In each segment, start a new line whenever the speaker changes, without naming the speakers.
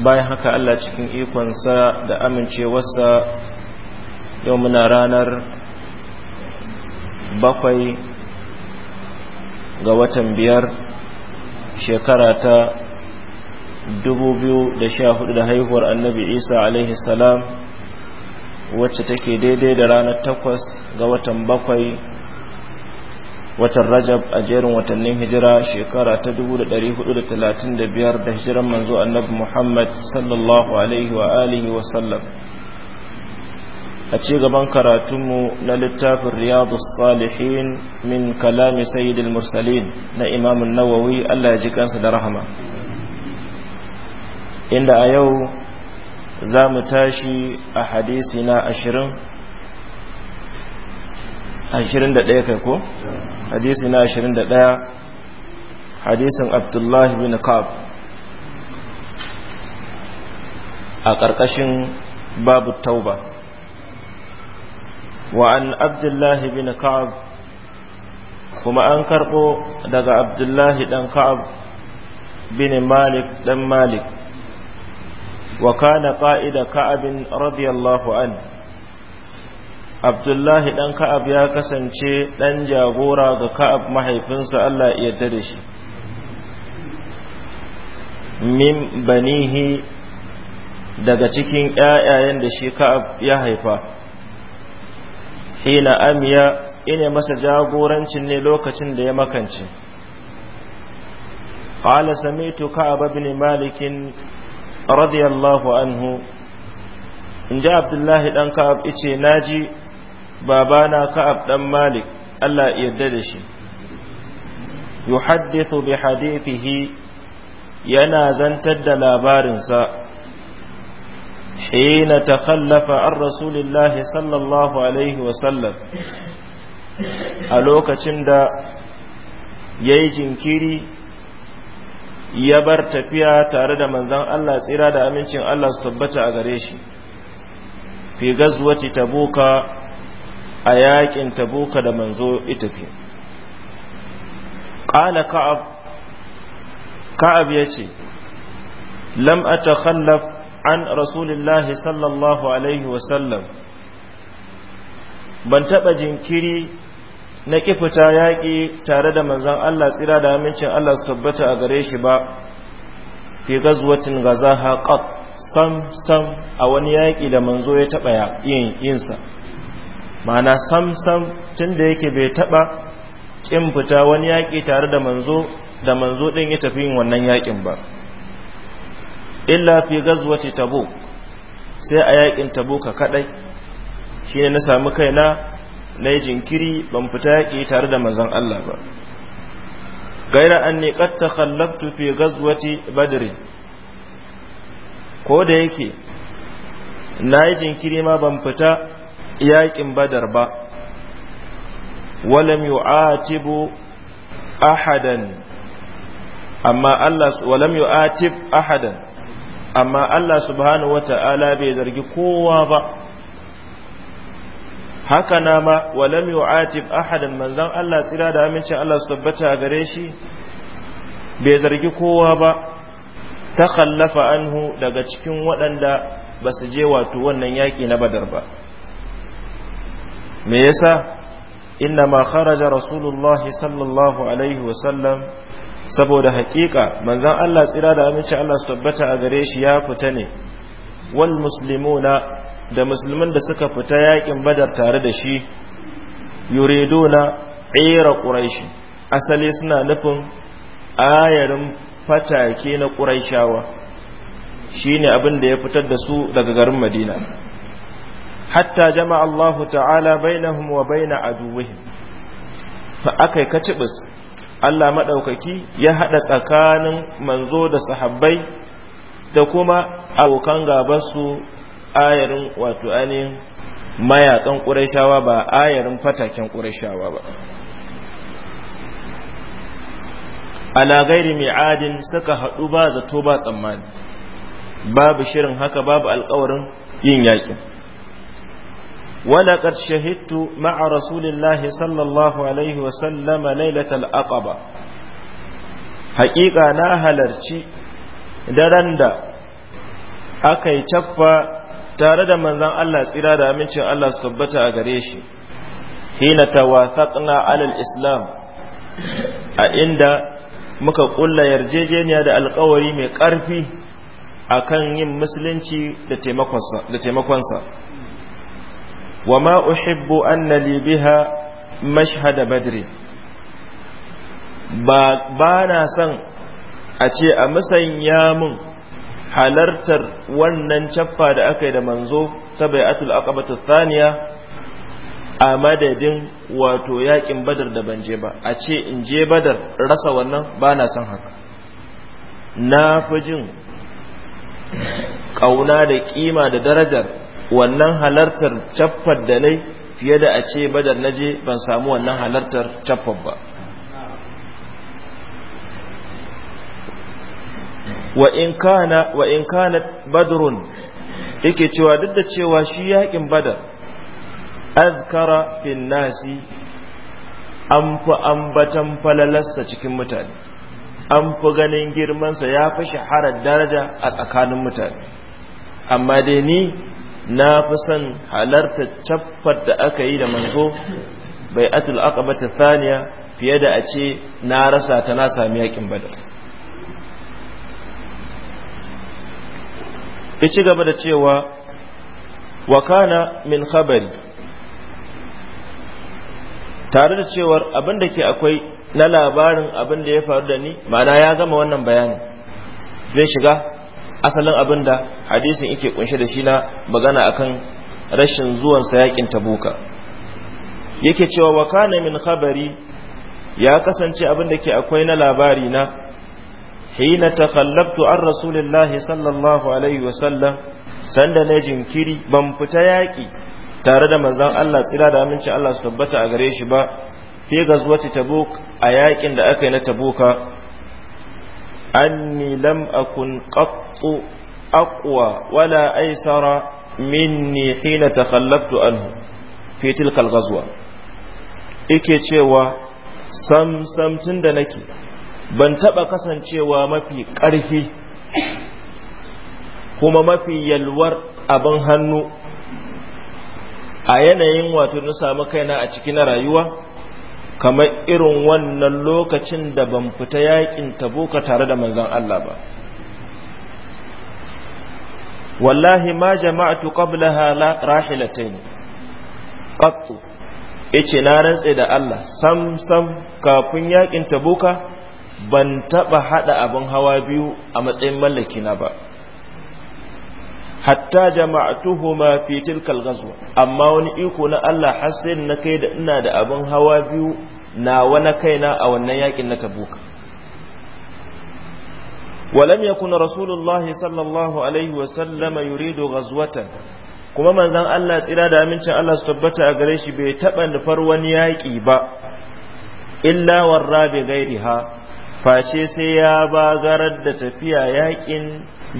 bayan haka Allah cikin ikonsa da amincewarsa yau muna ranar bakwai ga watan biyar shekara ta 2014 da haihuwar annabi isa alaihi salam wacce take daidai da ranar takwas ga watan bakwai watan rajab a jerin watannin hijira shekara ta 435 da hijiran manzo annabi muhammad sallallahu alaihi wa alihi wa sallam a ci gaban karatunmu na littafin riyadu salihin min kalami sayyidil mursalin na imamun nawawi allah ya ji kansa da rahama inda a yau za mu tashi a hadisi na ashirin 21 kai ko hadisi na 21 hadisin abdullahi bin kaf a ƙarƙashin babu tauba wa an abdullahi bin ka'ab kuma an karɓo daga abdullahi ɗan ka'ab bin malik ɗan malik wa kana ƙa'ida ka'abin radiyallahu anhu abdullahi ɗan ka'ab ya kasance ɗan jagora ga ka'ab mahaifinsa Allah ya yarda da shi min banihi daga cikin ƴaƴayen da shi ka'ab ya haifa hina amiya ine masa jagorancin ne lokacin da ya makance qala sami'tu ka'ab ibn malik radiyallahu anhu in ji abdullahi ɗan ka'ab ice naji babana ka'ab dan malik Allah yarda da shi yuhaddithu bi hadithihi yana zantar da labarinsa hina takhallafa an rasulillahi sallallahu alaihi wasallam a lokacin da ya yi jinkiri ya bar tafiya tare da manzan Allah tsira da amincin Allah su tabbata a gare shi fi gazwati tabuka a yakin tabuka da manzo ita ce, qala ka'ab ka'ab yace lam atakhallaf an rasulillahi sallallahu alaihi wa sallam ban taɓa jinkiri na kifita yaƙi tare da manzon Allah tsira da amincin Allah su tabbata a gare shi ba fi gazwatin gazaha qat sam sam a wani yaƙi da manzo ya taɓa yin yinsa ma'ana samsam tun da yake bai taɓa ƙin fita wani yaƙi tare da manzo da manzo ɗin ya tafi yin wannan yaƙin ba illa fi gazwati tabuk sai a yaƙin tabuka kaɗai shi ne na sami kaina na yi jinkiri ban fita yaƙi tare da manzon Allah ba gaira an ne ƙatta fi gazwati badri ko da yake na yi jinkiri ma ban fita yaƙin badar ba walam yu'atibu ahadan amma Allah walam yu'atib ahadan amma Allah subhanahu wata'ala bai zargi kowa ba haka na ma walam yu'atib ahadan manzon Allah tsira da amincin Allah su tabbata gare shi bai zargi kowa ba ta khallafa anhu daga cikin waɗanda ba su je wato wannan yaƙi na badar ba me yasa inna ma kharaja rasulullahi sallallahu alaihi wa sallam saboda haƙiƙa manzan Allah tsira da aminci Allah su tabbata a gare shi ya fita ne wal muslimuna da musulman da suka fita yakin badar tare da shi yuriduna tsira ƙuraishi asali suna nufin ayarin fatake na ƙuraishawa shine abin da ya fitar da su daga garin madina hatta jama'a Allahu ta'ala bainahum wa baina aduwwihim fa akai katibus. Allah maɗaukaki ya haɗa tsakanin manzo da sahabbai da kuma abokan gabansu su wato ainihin mayaƙan ƙurashawa ba ayarin fataken ƙurashawa ba ala gairi mai adin suka haɗu ba zato ba tsammani babu shirin haka babu alkawarin yin yakin ولقد شهدت مع رسول الله صلى الله عليه وسلم ليلة الأقبة حقيقة ناهلرشي درندا أكي تفا tare da manzan Allah tsira da amincin Allah su tabbata a gare shi hina tawathaqna alal islam a inda muka ƙulla yarjejeniya da alƙawari mai ƙarfi akan yin musulunci da taimakonsa wa ma uhibbu anna li biha mashhad badr ba na son a ce a musanya mun halartar wannan caffa da aka yi da manzo ta bai'atul aqabatu thaniya a madadin wato yakin badar da ban je ba a ce in je badar rasa wannan ba na son haka na fi jin ƙauna da ƙima da darajar wannan halartar caffar da nai fiye da a ce badar na je ban samu wannan halartar caffar ba wa in kana badrun yake cewa duk da cewa shi yakin badar azkara fin nasi an fi ambatan falalarsa cikin mutane an fi ganin girmansa ya fi shaharar daraja a tsakanin mutane amma dai ni na fi son halarta caffar da aka yi da manzo bai atul aqaba ta thaniya fiye da a ce na rasa ta na sami yakin badar ya ci gaba da cewa wa min khabari tare da cewar abin da ke akwai na labarin abin da ya faru da ni ma'ana ya gama wannan bayanin zai shiga asalin abin da hadisin yake kunshe da shi na magana akan rashin zuwan sa yakin tabuka yake cewa wa kana min khabari ya kasance abin da ke akwai na labari na hina takhallabtu an rasulillahi sallallahu alaihi wa sallam sanda na jinkiri ban fita yaki tare da manzon Allah tsira da aminci Allah su tabbata a gare shi ba fi gazwati tabuk a yakin da aka yi na tabuka anni lam akun qat قط أقوى ولا أيسر مني حين تخلفت عنه في تلك الغزوة ike cewa samsamtun da nake ban taɓa kasancewa mafi ƙarfi kuma mafi yalwar abin hannu a yanayin wato na sami kaina a ciki na rayuwa kamar irin wannan lokacin da ban fita yakin taboka tare da manzon Allah ba wallahi ma jama'atu qablaha rahilatayn qattu yace na rantse da Allah sam sam kafin yakin tabuka ban taba hada abin hawa biyu a matsayin mallaki na ba hatta jama'atuhuma fi tilkal ghazwa amma wani iko na Allah har sai na kai da ina da abin hawa biyu na wani kaina a wannan yakin na tabuka ولم يكن رسول الله صلى الله عليه وسلم يريد غزوة kuma manzan Allah tsira da amincin Allah su tabbata a gare shi bai taɓa nufar wani yaƙi ba illa warra bi gairiha face sai ya bagarar da tafiya yaƙin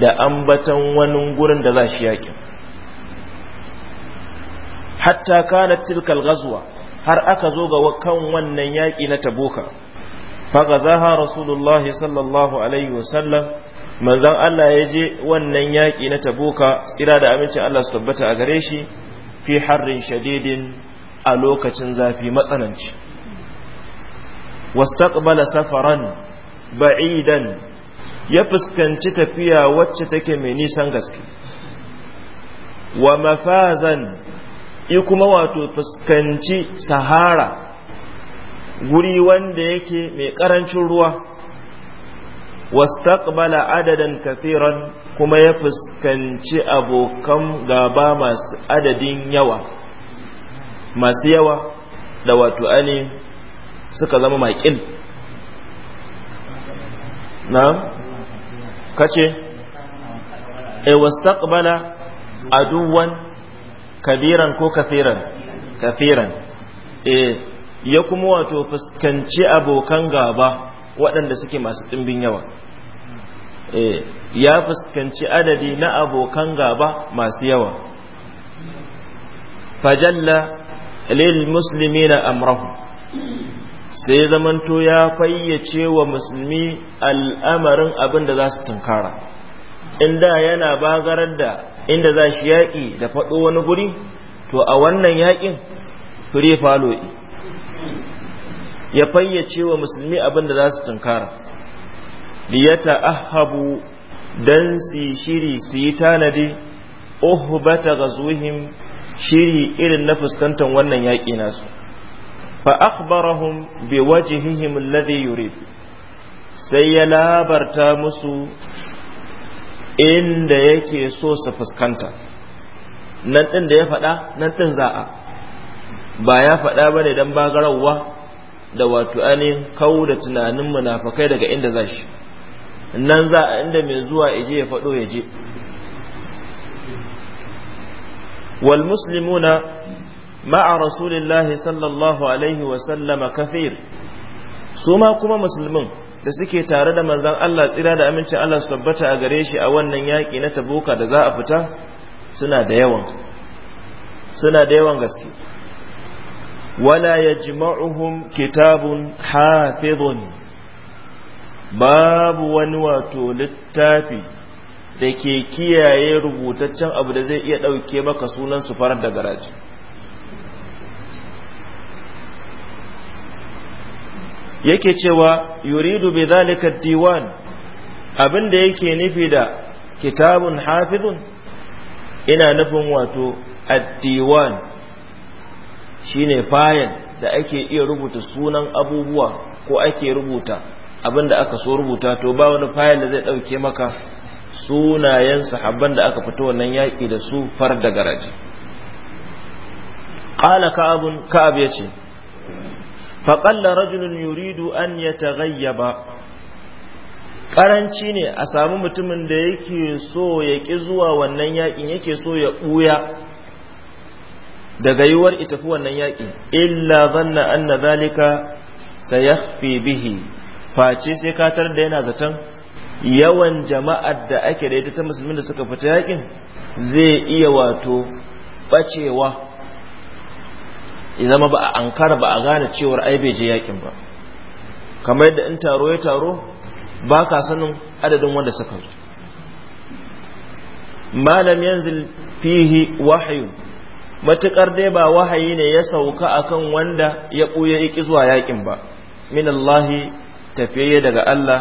da ambatan wani gurin da za shi yaƙin hatta kanat tilkal gazwa har aka zo ga kan wannan yaƙi na tabuka fagazaha rasulullahi sallallahu alaihi wasallam manzon Allah ya je wannan yaƙi na tabuka tsira da amincin Allah su tabbata a gare shi fi harrin shadidin a lokacin zafi matsananci wastaqbala safaran ba'idan ya fuskanci tafiya wacce take mai nisan gaske wa mafazan i kuma wato fuskanci sahara guri wanda yake mai karancin ruwa wastaqbala adadan kathiran kuma ya fuskanci abokan gaba masu adadin yawa masu yawa da wato ani suka zama maƙil na kace e wastaqbala aduwan kabiran ko kathiran kathiran eh ya kuma wato fuskanci abokan gaba waɗanda suke masu ɗimbin yawa eh, ya fuskanci adadi na abokan gaba masu yawa fajalla lil musulmi na amrahu sai zamanto ya fayyace wa musulmi al'amarin abin da za su tunkara inda yana bagarar da inda za shi yaƙi da faɗo wani guri to a wannan yaƙin fire ya fayyace wa musulmi abin da za su tunkara liyata ahabu dan su shiri su yi tanadi uhbata gazuhim shiri irin na fuskantar wannan yaƙi nasu fa akhbarahum bi wajhihim alladhi yurid sai ya labarta musu inda yake so su fuskanta nan din da ya faɗa nan din za'a ba ya faɗa bane dan bagarawa da wato ainihin kawo da tunanin munafakai daga inda za shi nan za a inda mai zuwa ije ya faɗo ya je wal muslimuna ma'a rasulillahi sallallahu alaihi wasallama kafir su ma kuma musulmin da suke tare da manzan Allah tsira da amincin Allah su tabbata a gare shi a wannan yaki na tabuka da za a fita suna da yawan suna da yawan gaske ولا يجمعهم كتاب حافظ باب wato للتافي da ke kiyaye rubutaccen abu da zai iya ɗauke maka sunan su farar da garaji yake cewa yuridu bi zalika diwan abin da yake nufi da kitabun hafizun ina nufin wato addiwan shine fayil da ake iya rubuta sunan abubuwa ko ake rubuta abin da aka so rubuta to ba wani fayil da zai dauke maka sunayen sahabban da aka fito wannan yaki da su far da garaji qala ka'ab ka'ab yace fa qalla rajulun yuridu an yataghayyaba Ƙaranci ne a sami mutumin da yake so ya ƙi zuwa wannan yakin yake so ya ɓuya. daga yiwuwar ita fi wannan yaƙi illa zanna anna zalika sayahfi bihi face sai katar da yana zaton yawan jama'ar da ake da ita ta musulmin da suka fita yaƙin zai iya wato bacewa zama ba a ankara ba a gane cewar ai bai je yaƙin ba kamar yadda in taro ya taro ba ka sanin adadin wanda suka zo malam yanzu fihi wahayu matukar dai ba wahayi ne ya sauka akan wanda ya buya yaki zuwa yakin ba min tafiye daga Allah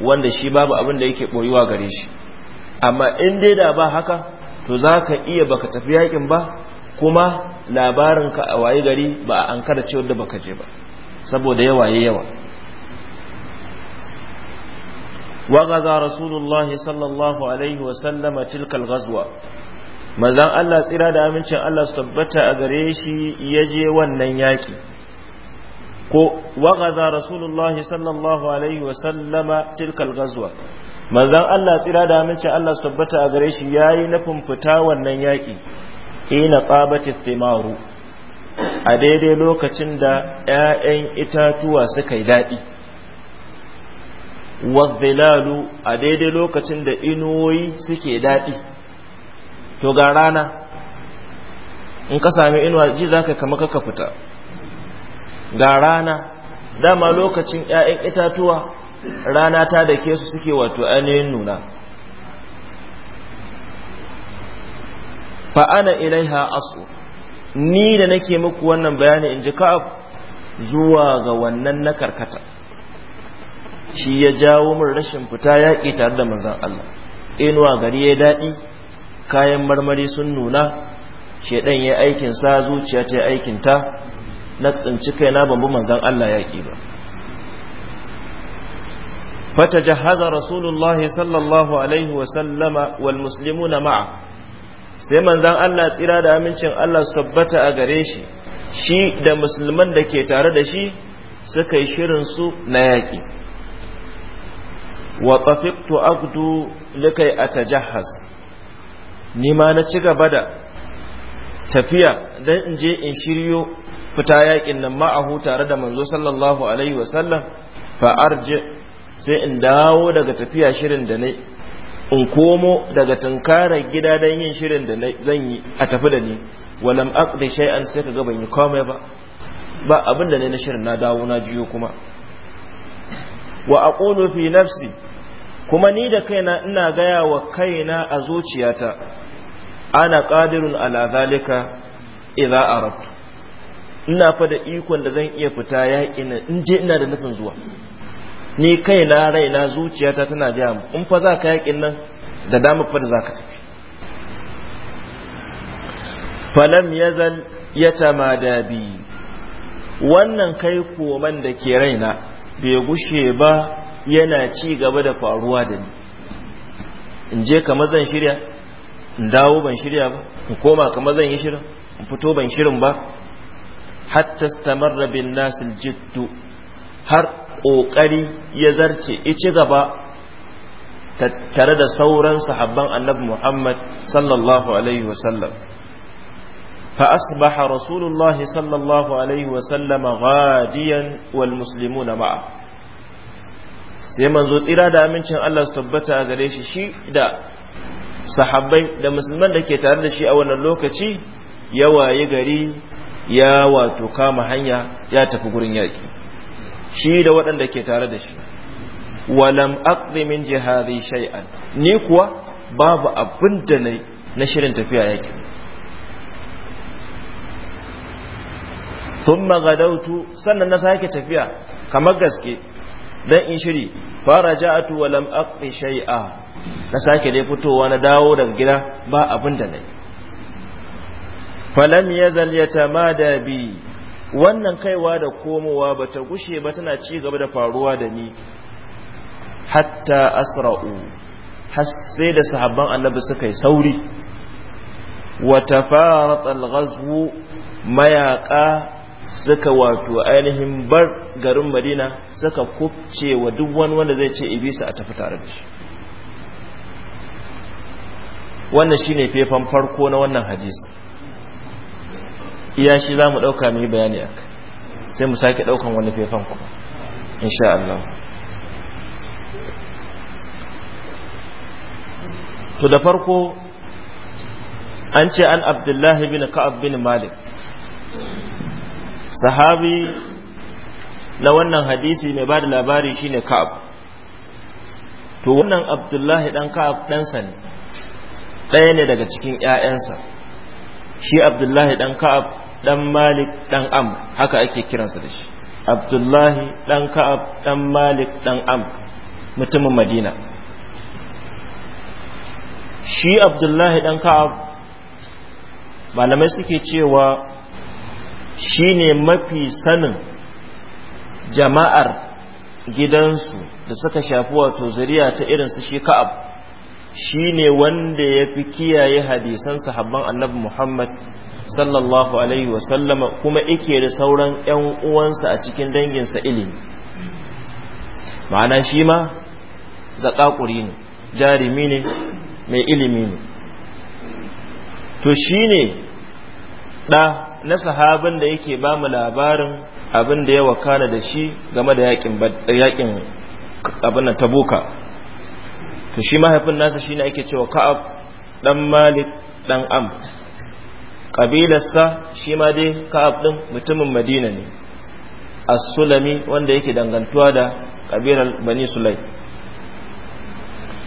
wanda shi babu abin da yake boyuwa gare shi amma in dai da ba haka to zaka iya baka tafi yakin ba kuma labarin ka a waye gari ba a ankara cewa da baka je ba saboda yawa ya yawa wa gaza rasulullahi sallallahu alaihi wa sallama تلك Mazan Allah tsira da amincin Allah su tabbata a gare shi ya je wannan yaƙi. ko waƙaza rasulullahi sallallahu alaihi wa sallama tilkal ghazwa Mazan Allah tsira da amincin Allah su tabbata a gare shi yayi nufin fita wannan yaƙi. ina qabati thimaru a daidai lokacin da 'ya'yan itatuwa suka yi Wa wadzilalu a daidai lokacin da inuwoyi suke daɗi to ga rana in ka sami inuwa ji za ka kama ka fita ga rana dama lokacin 'ya'yan itatuwa rana ta da ke su suke wato ainihin nuna fa'ana ilaiha asu ni da nake muku wannan bayani in ji ka'af zuwa ga wannan na karkata shi ya jawo min rashin fita yaƙi tare da manzan Allah inuwa gari ya daɗi kayan marmari sun nuna shedan ya aikin sa zuciya ta aikin ta na tsinci kaina ban bi manzon Allah yaki ba jahaza rasulullahi sallallahu alaihi wa sallama wal muslimuna ma'a sai manzan Allah tsira da amincin Allah su tabbata a gare shi shi da musulman da ke tare da shi suka yi shirinsu na yaƙi wa tafiktu agdu likai a tajahaz ni ma na ci gaba da tafiya don in je in shiryo fita yaƙin nan ma'ahu tare da manzo sallallahu alaihi wasallam fa sai in dawo daga tafiya shirin da ne in komo daga tunkara gida don yin shirin da zan yi a tafi da ni walam aqdi shay'an sai kaga ban yi komai ba ba abin da ne na shirin na dawo na jiyo kuma wa aqulu fi nafsi kuma ni da kaina ina gaya wa kaina a zuciyata ana qadirun ala zalika idza aradtu ina fa da ikon da zan iya fita yaƙi na in je ina da nufin zuwa ni kaina raina zuciyata tana ga mu in fa za ka yaƙin nan da dama fa za ka tafi falam yazal yatamada bi wannan kai koman da ke raina bai gushe ba yana ci gaba da faruwa da ni in je kamar zan shirya in dawo ban shirya ba in koma kamar zan yi shirin in fito ban shirin ba hatta stamarra bin nasil jiddu har kokari ya zarce ici gaba tattare da sauran sahabban annabi Muhammad sallallahu alaihi wasallam fa asbaha rasulullahi sallallahu alaihi wasallama ghadiyan wal muslimuna ma'a sai manzo tsira da amincin Allah su tabbata a gare shi shi da sahabbai da musulman da ke tare da shi a wannan lokaci ya waye gari ya wato kama hanya ya tafi gurin yaki shi da waɗanda ke tare da shi walam aqdi min jihadi shay'an ni kuwa babu abin da nayi na shirin tafiya yaƙi. thumma gadawtu sannan na sake tafiya kamar gaske dan in shiri fara ja'atu wa lam shai'a shay'a na sake dai fitowa na dawo daga gida ba abin da nayi falam yazal yatamada bi wannan kaiwa da komowa ba ta gushe ba tana ci gaba da faruwa da ni hatta asra'u sai da sahabban annabi suka yi sauri wa tafarat al-ghazwu mayaqa suka wato ainihin bar garin madina suka kufce wa duk wani wanda zai ce ibisa a tafi tare da shi wannan shi ne fefan farko na wannan hadis iya shi za mu ɗauka mai bayani a sai mu sake ɗaukan wani fefan kuma insha Allah to da farko an ce an abdullahi bin ka'ab bin malik sahabi na wannan hadisi mai ba da labari shine ka'ab to wannan abdullahi dan ka'ab ɗansa ne ɗaya ne daga cikin ‘ya'yansa shi abdullahi dan ka'ab dan malik dan am haka ake kiransa da shi abdullahi dan ka'ab dan malik dan am mutumin madina shi abdullahi dan ka'ab malamai suke cewa Shi ne mafi sanin jama'ar gidansu da suka shafi wato zuriya ta irinsu shi ka'ab shine wanda ya fi kiyaye hadisan sahabban annabi Muhammad sallallahu alaihi wasallama kuma ike da sauran 'yan uwansa a cikin danginsa ilimi ma'ana shi ma zaƙaƙuri ne jarimi ne mai ilimi ne to shi ne ɗa na sahabin da yake ba mu labarin abin da ya wakana da shi game da yakin abin tabuka to shi mahaifin nasa shine ake cewa ka'ab dan malik dan am kabilarsa shi ma dai ka'ab din mutumin madina ne as-sulami wanda yake dangantuwa da kabilar bani sulai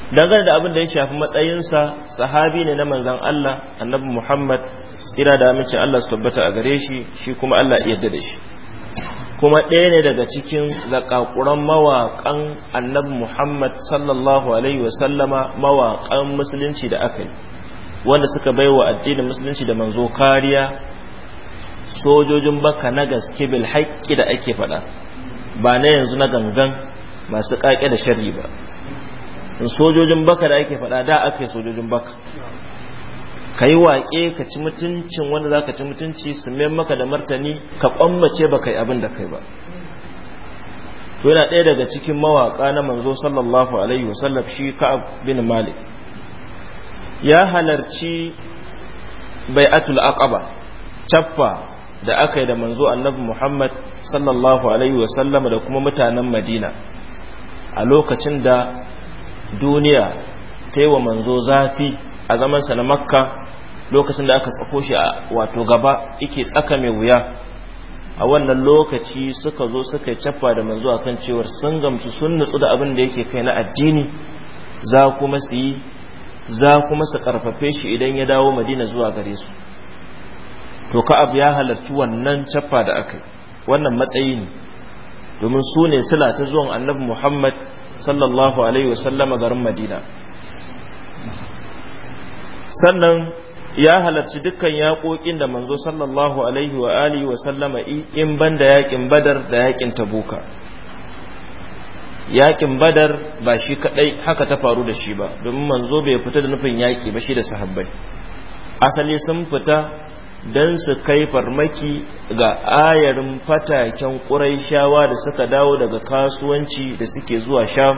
dangane da abin da ya shafi matsayinsa sahabi ne na manzon Allah annabi Muhammad ina da amincin Allah su tabbata a gare shi shi kuma Allah ya yarda da shi kuma ɗaya ne daga cikin zakakuran mawaƙan annabi Muhammad sallallahu alaihi wa sallama mawaƙan musulunci da aka yi wanda suka bai wa addinin musulunci da manzo kariya sojojin baka na gaske bil haƙƙi da ake faɗa ba na yanzu na gangan masu ƙaƙe da shari ba sojojin baka da ake faɗa da ake sojojin baka ka yi waƙe ka ci mutuncin wanda za ka ci mutunci su maka da martani ka ƙwammace ba yi abin da kai ba to yana ɗaya daga cikin mawaƙa na manzo sallallahu alaihi wasallam shi ka'ab bin malik ya halarci bai'atul aqaba caffa da aka yi da manzo annabi muhammad sallallahu alaihi wasallam da kuma mutanen madina a lokacin da duniya ta yi wa manzo zafi a zamansa na makka lokacin da aka tsako shi a wato gaba yake tsaka mai wuya a wannan lokaci suka zo suka cafa da manzo akan cewar sun gamsu sun nutsu da abin da yake kai na addini za kuma su yi za kuma su karfafe shi idan ya dawo madina zuwa gare su to ka abu ya halarci wannan cafa da aka wannan matsayi ne domin su ne sila ta zuwan annabi muhammad sallallahu alaihi wasallama garin madina sannan ya halarci dukkan yaƙoƙin da manzo sallallahu alaihi wa alihi wa sallama in banda yaƙin badar da yaƙin tabuka yaƙin badar ba shi kaɗai haka ta faru da shi ba domin manzo bai fita da nufin yaƙi ba shi da sahabbai asali sun fita don su kai farmaki ga ayarin fataken ƙuraishawa da suka dawo daga kasuwanci da suke zuwa sham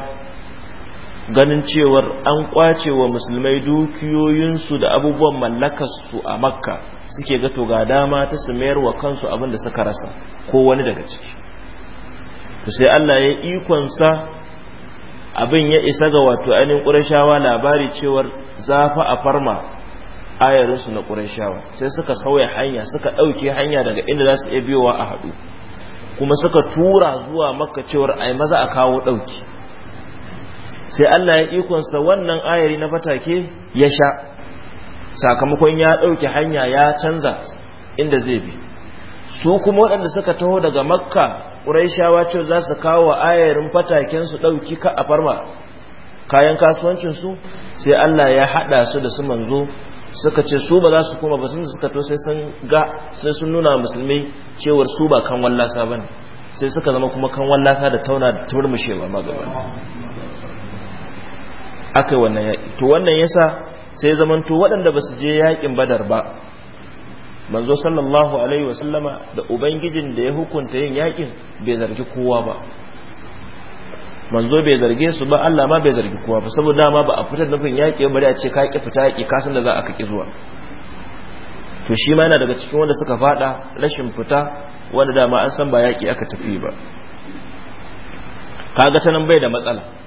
ganin cewar an kwace wa musulmai dukiyoyinsu da abubuwan mallakarsu a makka suke ga to ga dama ta su mayarwa kansu abin da suka rasa ko wani daga ciki to sai Allah ya ikon sa abin ya isa ga wato ainihin Qurayshawa labari cewar zafa a farma ayarinsu na Qurayshawa sai suka sauya hanya suka ɗauke hanya daga inda zasu su iya biyowa a haɗu kuma suka tura zuwa makka cewar ai maza a kawo ɗauki sai Allah ya ikonsa wannan ayari na fatake ya sha sakamakon ya ɗauki hanya ya canza inda zai bi su kuma waɗanda suka taho daga makka ƙuraishawa ce za su kawo ayarin fataken su ɗauki ka a farma kayan kasuwancinsu sai Allah ya haɗa su da su manzo suka ce su ba za su koma ba sun suka to sai sun ga sai sun nuna musulmai cewar su ba kan wallasa bane sai suka zama kuma kan wallasa da tauna da turmushewa magaba aka yi wannan yaƙi to wannan yasa sai zamanto waɗanda ba su je yaƙin badar ba manzo sallallahu alaihi wa sallama da ubangijin da ya hukunta yin yaƙin bai zargi kowa ba manzo bai zarge su ba Allah ma bai zargi kowa ba saboda ma ba a fitar nufin yaƙi bari a ce ka ƙi fita yaƙi ka san da za a kaki zuwa to shi ma yana daga cikin wanda suka faɗa rashin fita wanda dama an san ba yaƙi aka tafi ba kaga ta nan bai da matsala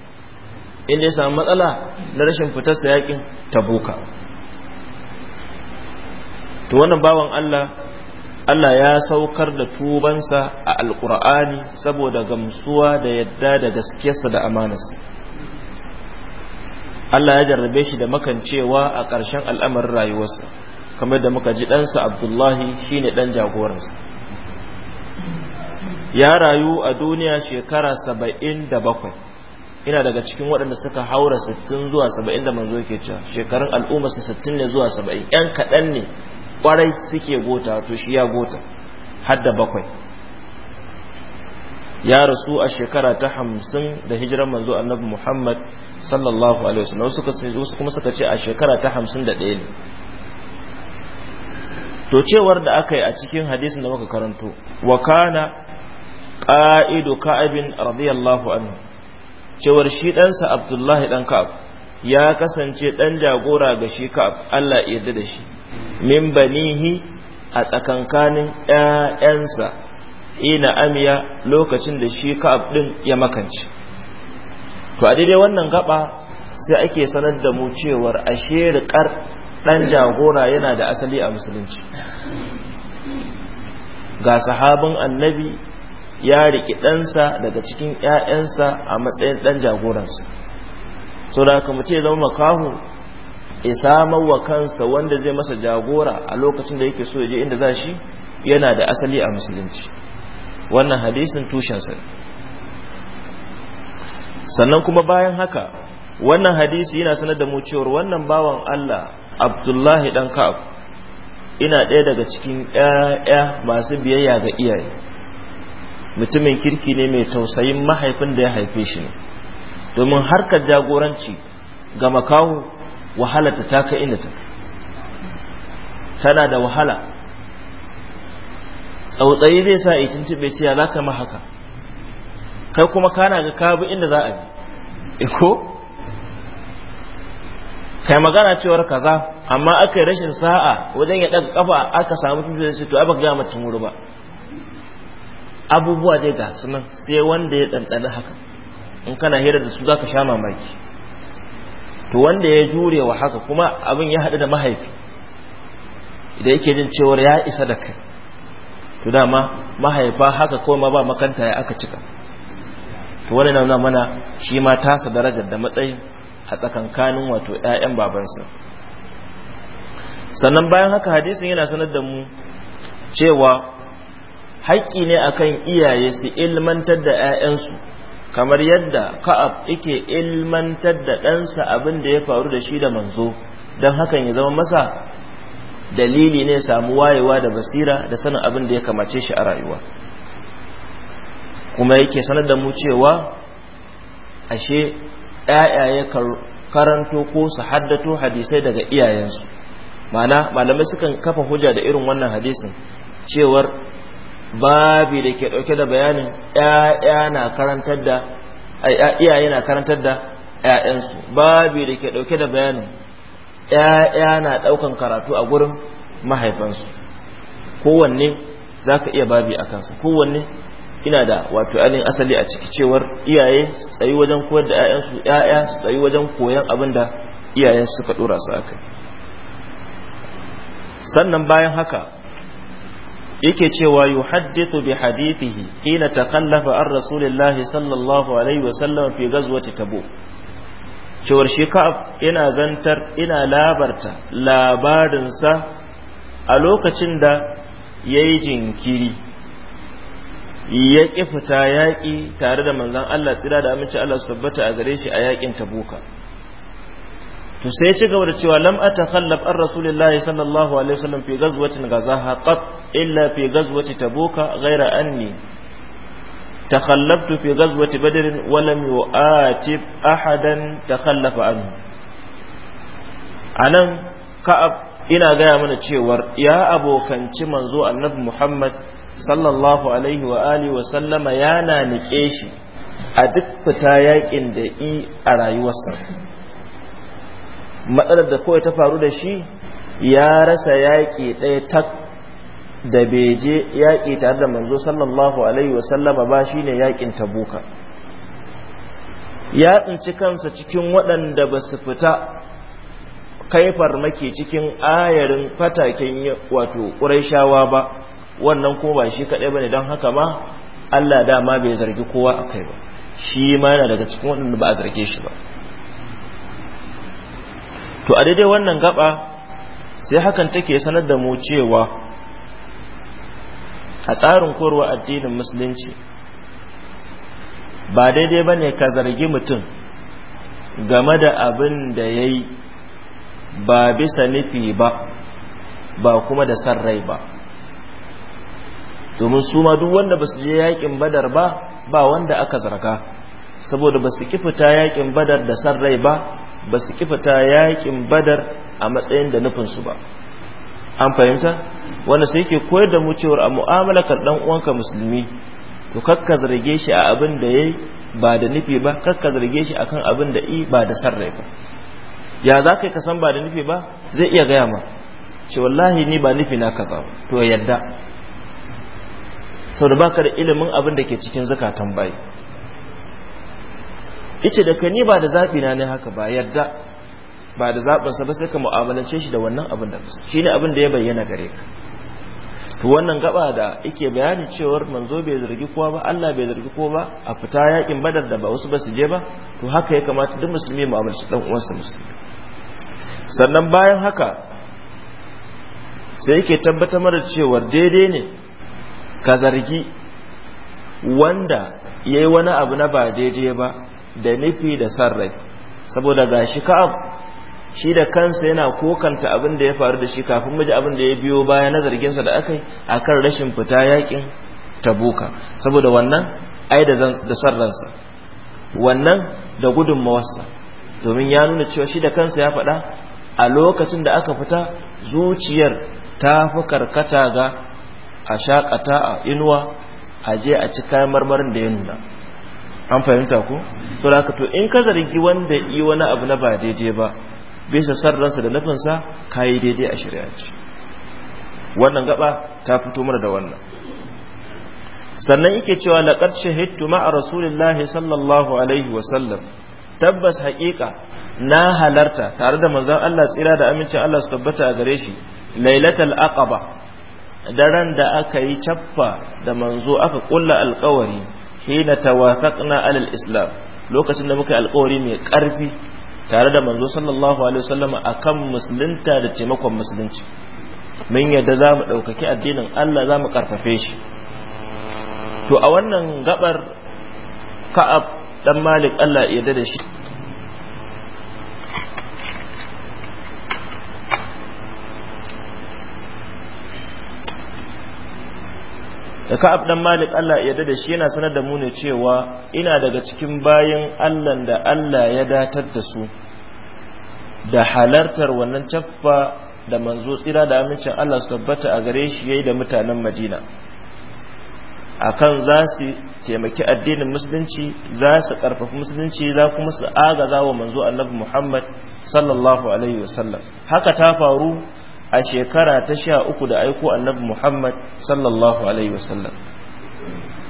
inda ya samu matsala na rashin fitarsa yakin tabuka to wannan bawan Allah Allah ya saukar da tubansa a alkur'ani saboda gamsuwa da yadda da gaskiyarsa da amanarsa Allah ya jarrabe shi da makancewa a ƙarshen al'amarin rayuwarsa kamar da muka ji ɗansa abdullahi shine ɗan jagoransa ya rayu a duniya shekara saba'in da bakwai ina daga cikin waɗanda suka haura 60 zuwa 70 da manzo yake cewa shekarun al'umma su 60 ne zuwa 70 ƴan kaɗan ne kwarai suke gota to shi ya gota hadda bakwai ya rasu a shekara ta hamsin da hijiran manzo annabi Muhammad sallallahu alaihi wasallam wasu kuma suka ce a shekara ta hamsin da ɗaya ne to cewar da aka yi a cikin hadisin da muka karanto wa kana qa'idu ka'ibin radiyallahu anhu cewar shi ɗansa abdullahi ɗan ka'ab ya kasance ɗan jagora ga shi ka'ab Allah ya yarda da shi min banihi a tsakankanin ƴaƴansa ina amiya lokacin da shi ka'ab ɗin ya makance to a daidai wannan gaba sai ake sanar da mu cewar ashe riƙar ɗan jagora yana da asali a musulunci ga sahabin annabi ya riki ɗansa daga cikin ‘ya'yansa a matsayin ɗan jagoransa so da haka ce ya zama makahu ya samar wa kansa wanda zai masa jagora a lokacin da yake so ya je inda za shi yana da asali a musulunci wannan hadisin tushensa sannan kuma bayan haka wannan hadisi yana sanar da mu wannan bawan Allah Abdullahi ɗan Ka'ab ina ɗaya daga cikin 'ya'ya masu biyayya ga iyaye mutumin kirki ne mai tausayin mahaifin da ya haife shi ne domin harkar jagoranci ga makaho wahala ta taka inda ta tana da wahala tsautsayi zai sa yi bai ce ya za ka ma haka kai kuma kana ga kabi inda za a bi iko e kai magana cewar kaza amma aka yi rashin sa'a wajen ya ɗaga kafa aka samu tuntube da ce to ai baka gaya ba abubuwa dai ga su nan sai wanda ya ɗanɗana haka in kana hira da su za ka sha mamaki to wanda ya jure wa haka kuma abin ya haɗu da mahaifi idan yake jin cewar ya isa da kai to dama mahaifa haka kawai ma ba makanta ya aka cika to wani nuna mana shi ma tasa darajar da matsayin a tsakankanin wato 'ya'yan babansa sannan bayan haka hadisin yana sanar da mu cewa haƙƙi ne akan iyaye su ilmantar da 'ya'yansu kamar yadda ka'ab yake ilmantar da ɗansa abin da ya faru da shi da manzo don hakan ya zama masa dalili ne samu wayewa da basira da sanin abin da ya kamace shi a rayuwa kuma yake sanar da mu cewa ashe ya karanto ko su haddato hadisai daga iyayensu ma'ana malamai sukan kafa hujja da irin wannan hadisin cewar babi da ke dauke da bayanin ƴaƴa na karantar da iyaye na karantar da ƴaƴansu babi da ke dauke da bayanin ƴaƴa na daukan karatu a gurin mahaifansu kowanne zaka iya babi a kansa kowanne ina da wato alin asali a ciki cewar iyaye su tsayi wajen koyar da ƴaƴansu ƴaƴa su tsayi wajen koyan abin da iyayen suka dora su akai sannan bayan haka yake cewa yuhaddithu bi hadithihi hina takallafa an rasulillahi sallallahu alaihi wasallam fi ghazwati tabuk cewar shi ka'ab ina zantar ina labarta labarinsa a lokacin da ya yi jinkiri ya ƙi fita yaƙi tare da manzan Allah tsira da aminci Allah su tabbata a gare shi a yaƙin tabuka to sai ya ci gaba da cewa lam atakhallaf an rasulillahi sallallahu alaihi wasallam fi ghazwatin ghazaha qat illa fi ghazwati tabuka ghaira anni takhallaftu fi ghazwati badr wa lam yu'atib ahadan takhallafa anhu anan ka'ab ina gaya mana cewar ya abokanci manzo annabi Muhammad sallallahu alaihi wa alihi wa sallama yana nike shi a duk fita yakin da i a rayuwarsa matsalar da kawai ta faru da shi ya rasa yaƙi ɗaya tak da beje yaƙi tare da manzo sallallahu alaihi wasallama ba shi ne yaƙin tabuka ya tsinci kansa cikin waɗanda ba su fita kai farmaki cikin ayarin fataken wato ƙuraishawa ba wannan ko ba shi kaɗai ba ne don haka ma allah dama bai zargi kowa a kai ba shi ma yana daga cikin waɗanda ba a zarge shi ba to a daidai wannan gaba sai hakan take sanar da mu cewa a tsarin korwa addinin musulunci ba daidai ba ne ka zargi mutum game da abin da ya yi ba bisa nufi ba ba kuma da san rai ba domin su ma duk wanda ba su je yakin badar ba ba wanda aka zarga saboda ba su kifita yakin badar da san rai ba ba su kifita yakin badar a matsayin da nufinsu ba an fahimta wanda sai ke koyar da mu cewar a mu'amalakar dan uwanka musulmi to kakka zarge shi a abin da yayi ba da nufi ba kakka zarge shi akan abin da yi ba da san rai ba ya za ka san ba da nufi ba zai iya gaya ma ce wallahi ni ba nufi na kaza to yadda sau da baka da ilimin abin da ke cikin zakatan bayi yace da kani ba da zabi na ne haka ba yadda ba da zaɓin sa ba sai ka mu'amalance shi da wannan abin da shine abin da ya bayyana gare ka to wannan gaba da yake bayani cewar manzo bai zargi kowa ba Allah bai zargi kowa ba a fita yakin badar da ba wasu ba su je ba to haka ya kamata duk musulmi mu'amalance dan sa musulmi sannan bayan haka sai yake tabbatar mana cewar daidai ne ka zargi wanda yayi wani abu na ba daidai ba da nufi da sarrai saboda ga shi ka'ab shi da kansa yana kokanta abin da ya faru da shi kafin miji abin da ya biyo baya na zarginsa da aka yi a kan rashin fita yakin tabuka saboda wannan ai da sarransa wannan da gudun gudunmawarsa domin ya nuna cewa shi da kansa ya faɗa a lokacin da aka fita zuciyar ta fi karkata ga a shakata a inuwa a je a ci kayan marmarin da ya nuna an fahimta ko so da haka to in ka zargi wanda yi wani abu na ba daidai ba bisa sarransa da nufinsa ka yi daidai a shari'a ce wannan gaba ta fito mana da wannan sannan yake cewa laqad shahidtu ma'a rasulillahi sallallahu alaihi wa sallam tabbas haƙiƙa na halarta tare da manzon Allah tsira da amincin Allah su tabbata a gare shi lailatul aqaba daren da aka yi caffa da manzo aka ƙulla alƙawari hina tawafaqna alal islam lokacin da muka alƙawari mai ƙarfi tare da manzo sallallahu alaihi wasallam akan musulunta da taimakon musulunci mun yadda za mu ɗaukaki addinin Allah za mu ƙarfafe shi to a wannan gabar ka'ab dan malik Allah ya yarda da shi da ka'ab dan malik Allah ya da shi yana sanar da mu ne cewa ina daga cikin bayan Allah da Allah ya datar da su da halartar wannan caffa da manzo tsira da amincin Allah su tabbata a gare shi yayi da mutanen Madina akan za su taimaki addinin musulunci za su karfafi musulunci za kuma su agaza wa manzo annabi Muhammad sallallahu alaihi wasallam haka ta faru a shekara ta sha uku da aiko annabi Muhammad sallallahu Alaihi wasallam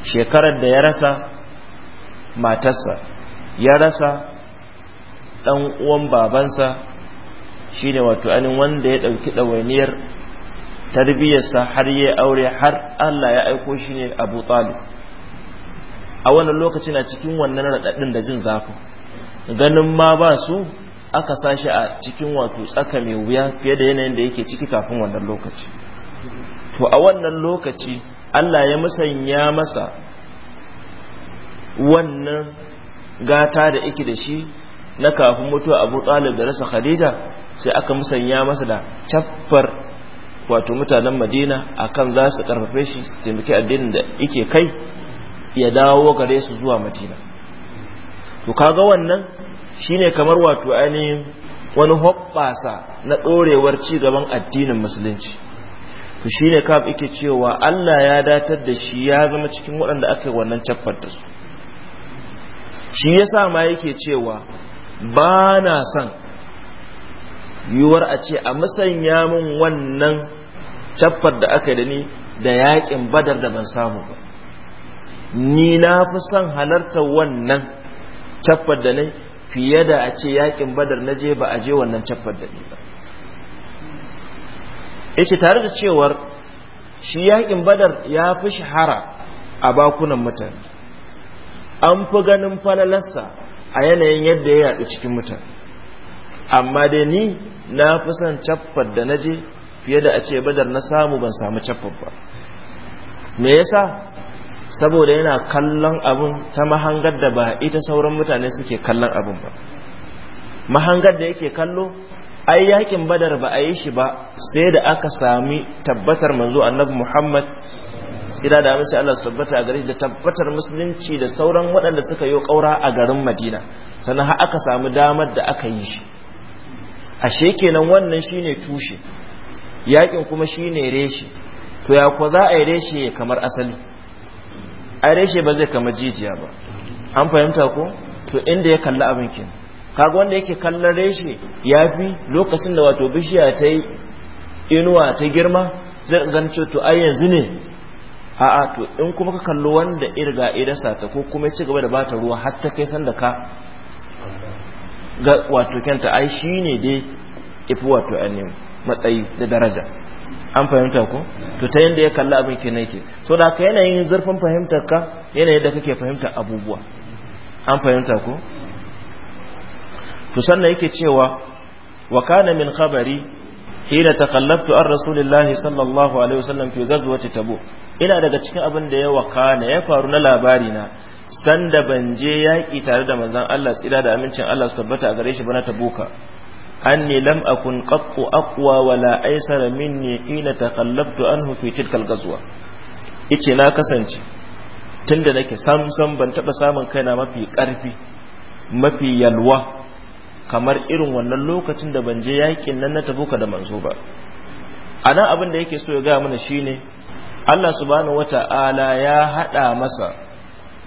shekarar da ya rasa matarsa ya rasa ɗan uwan babansa shi ne wato anin wanda ya ɗauki ɗawainiyar tarbiyyarsa har ya aure har Allah ya aiko shi ne abu talib a wannan lokacin a cikin wannan raɗaɗin da jin zafin ganin ma ba su aka sashi a cikin wato tsaka mai wuya fiye da yanayin da yake ciki kafin wannan lokaci to a wannan lokaci Allah ya musanya masa wannan gata da yake da shi na kafin mutuwa Abu Talib da rasa Khadija sai aka musanya masa da caffar wato mutanen Madina akan za su karfafe shi su taimaki addinin da yake kai ya dawo gare su zuwa Madina to kaga wannan shine kamar wato ainihin wani hoɓɓasa na ɗorewar cigaban addinin musulunci to ne kaf ike cewa Allah ya datar da shi ya zama cikin waɗanda aka yi wannan caffar da su shi sa ma yake cewa ba na son yiwuwar a ce a musanya min wannan caffar da aka yi da ni da yaƙin badar da ban samu ba ni na fi son halartar wannan caffar da ni. fiye da a ce yakin badar na je ba a je wannan cafar da ba yace tare da cewar shi yakin badar ya fi shahara a bakunan mutane an fi ganin falalarsa a yanayin yadda ya yaɗu cikin mutane amma dai ni na fi son caffar da na je fiye da a ce badar na samu ban samu cafar ba me yasa saboda yana kallon abin ta mahangar da ba ita sauran mutane suke kallon abin ba mahangar da yake kallo ai yakin badar ba a yi shi ba sai da aka sami tabbatar manzo annabi muhammad sira da amince allah su tabbata a gare da tabbatar musulunci da sauran waɗanda suka yi ƙaura a garin madina sannan har aka sami damar da aka yi shi ashe kenan wannan shine tushe yakin kuma shine reshe to ya ko za a yi reshe kamar asali a reshe ba zai kama jijiya ba an fahimta ko to inda ya kalli abin kin kaga wanda yake kallon reshe ya fi lokacin da wato bishiya ta yi inuwa ta girma zai gan to ai yanzu ne a'a to in kuma ka kallo wanda irga idasa ta ko kuma ya ci gaba da bata ruwa har ta kai san da ka ga wato kenta ai shine dai ifi wato matsayi da daraja an fahimta ko to ta yanda ya kalli abin ke nake so da ka yanayin zurfin fahimtar ka yanayin da kake fahimta abubuwa an fahimta ko to sannan yake cewa wa kana min khabari hina takallabtu an rasulillahi sallallahu alaihi wasallam fi ghazwati tabu ina daga cikin abin da ya wakana ya faru na labari na sanda ban je yaƙi tare da manzon Allah tsira da amincin Allah su tabbata a gare shi bana tabuka anni لم أكن قط أقوى ولا أيسر مني hina takallabtu anhu في تلك الغزوة ghazwa yace na kasance tunda nake sam sam ban taɓa samun kaina mafi karfi mafi yalwa kamar irin wannan lokacin da ban je yakin nan na ka da manzo ba anan abin da yake so ya ga mana shine Allah subhanahu wata'ala ya hada masa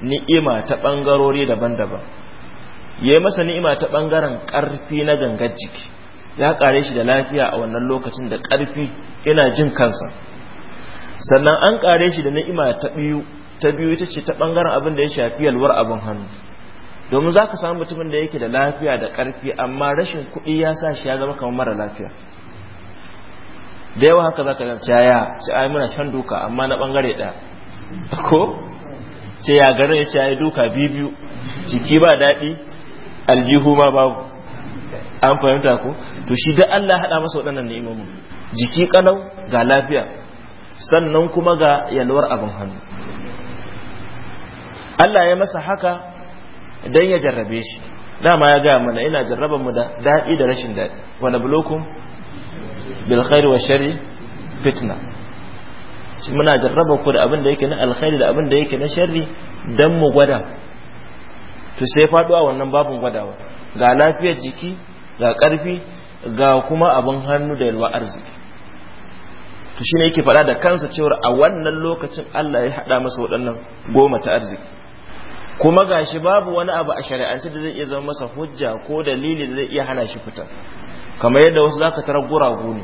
ni'ima ta bangarori daban-daban ya yi masa ni'ima ta ɓangaren ƙarfi na gangar jiki ya ƙare shi da lafiya a wannan lokacin da ƙarfi yana jin kansa sannan an ƙare shi da ni'ima ta biyu ta biyu ita ce ta ɓangaren abin da ya shafi yalwar abin hannu domin za ka samu mutumin da yake da lafiya da ƙarfi amma rashin kuɗi ya sa shi ya zama kamar mara lafiya da yawa haka za ka zance ya ce ai muna shan duka amma na ɓangare ɗaya ko ce ya garin ya ce ai duka biyu biyu jiki ba daɗi aljihu ma babu an fahimta ko to shi da Allah haɗa masa waɗannan ni'imomin jiki kalau ga lafiya sannan kuma ga yalwar abin hannu Allah ya masa haka Dan ya jarrabe shi dama ya gaya mana ina jarraban mu da daɗi da rashin daɗi wani bulokun bil khairi wa shari fitna muna jarraba ku da abin da yake na alkhairi da abin da yake na shari dan mu gwada to sai faɗo a wannan babin gwadawa ga lafiyar jiki ga ƙarfi ga kuma abin hannu da yalwa arziki to shi ne yake faɗa da kansa cewar a wannan lokacin Allah ya haɗa masa waɗannan goma ta arziki kuma ga shi babu wani abu a shari'ance da zai iya zama masa hujja ko dalili da zai iya hana shi fita kamar yadda wasu zaka tara guragu ne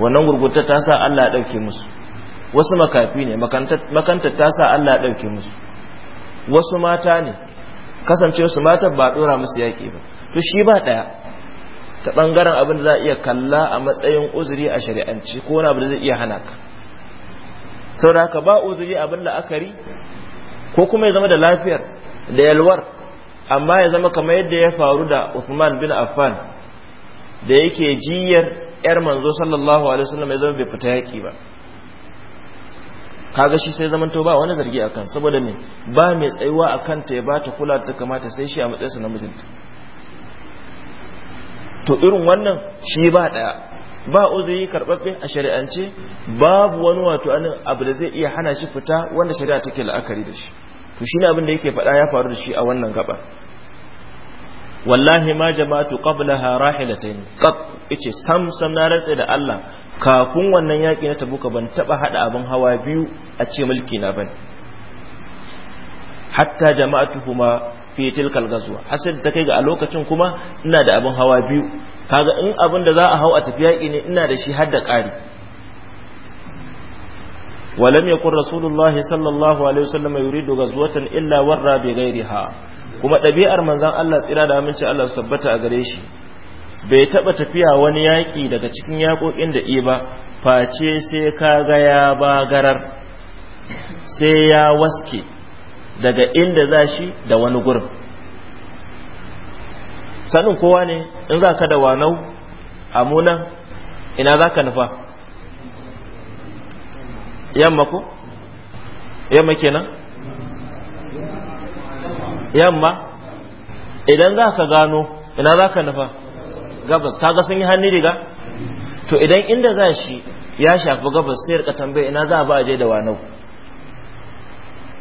wannan gurgurta ta sa Allah ya ɗauke musu wasu makafi ne makanta ta sa Allah ya ɗauke musu wasu mata ne kasance su matar ba dora musu yaƙi ba to shi ba ɗaya ta ɓangaren abin da za a iya kalla a matsayin uzuri a shari'anci ko wani abu da zai iya hana ka sau da haka ba uzuri abin la'akari ko kuma ya zama da lafiyar da yalwar amma ya zama kamar yadda ya faru da Uthman bin Affan da yake jiyar yar manzo sallallahu alaihi wasallam ya zama bai fita yaƙi ba kaga shi sai to ba wani zargi akan saboda me ba mai tsayuwa akan ta ya bata ta kula ta kamata sai shi a matsayinsa na mijinta to irin wannan shi ba daya ba uzuri karbabbe a shari'ance babu wani wato anin abu da zai iya hana shi fita wanda shari'a take la'akari da shi to shine abin da yake faɗa ya faru da shi a wannan gaba wallahi ma jama'atu qablaha rahilatayn qat yace sam na rantse da Allah kafin wannan yaki na tabuka ban taba hada abin hawa biyu a ce mulki na bane hatta jama'atuhuma fi tilkal gazwa hasad ta kai ga a lokacin kuma ina da abin hawa biyu kaga in abin da za a hau a tafi yaki ne ina da shi har da ƙari ولم يكن رسول الله صلى الله عليه وسلم يريد غزوة إلا ورى بغيرها kuma ɗabi'ar manzan Allah tsira da aminci Allah su tabbata a gare shi bai taba tafiya wani yaƙi daga cikin yaƙoƙin da iya ba face sai ka ga ya bagarar sai ya waske daga inda za shi da wani gurin sanin kowa ne in za ka da wanau a munan ina za ka nufa yamma ko yamma kenan yamma idan za ka gano ina za ka nufa gabas ga sun yi hannu riga to idan inda za shi ya shafi gabas sai rika tambaya ina za a ba a je da wanau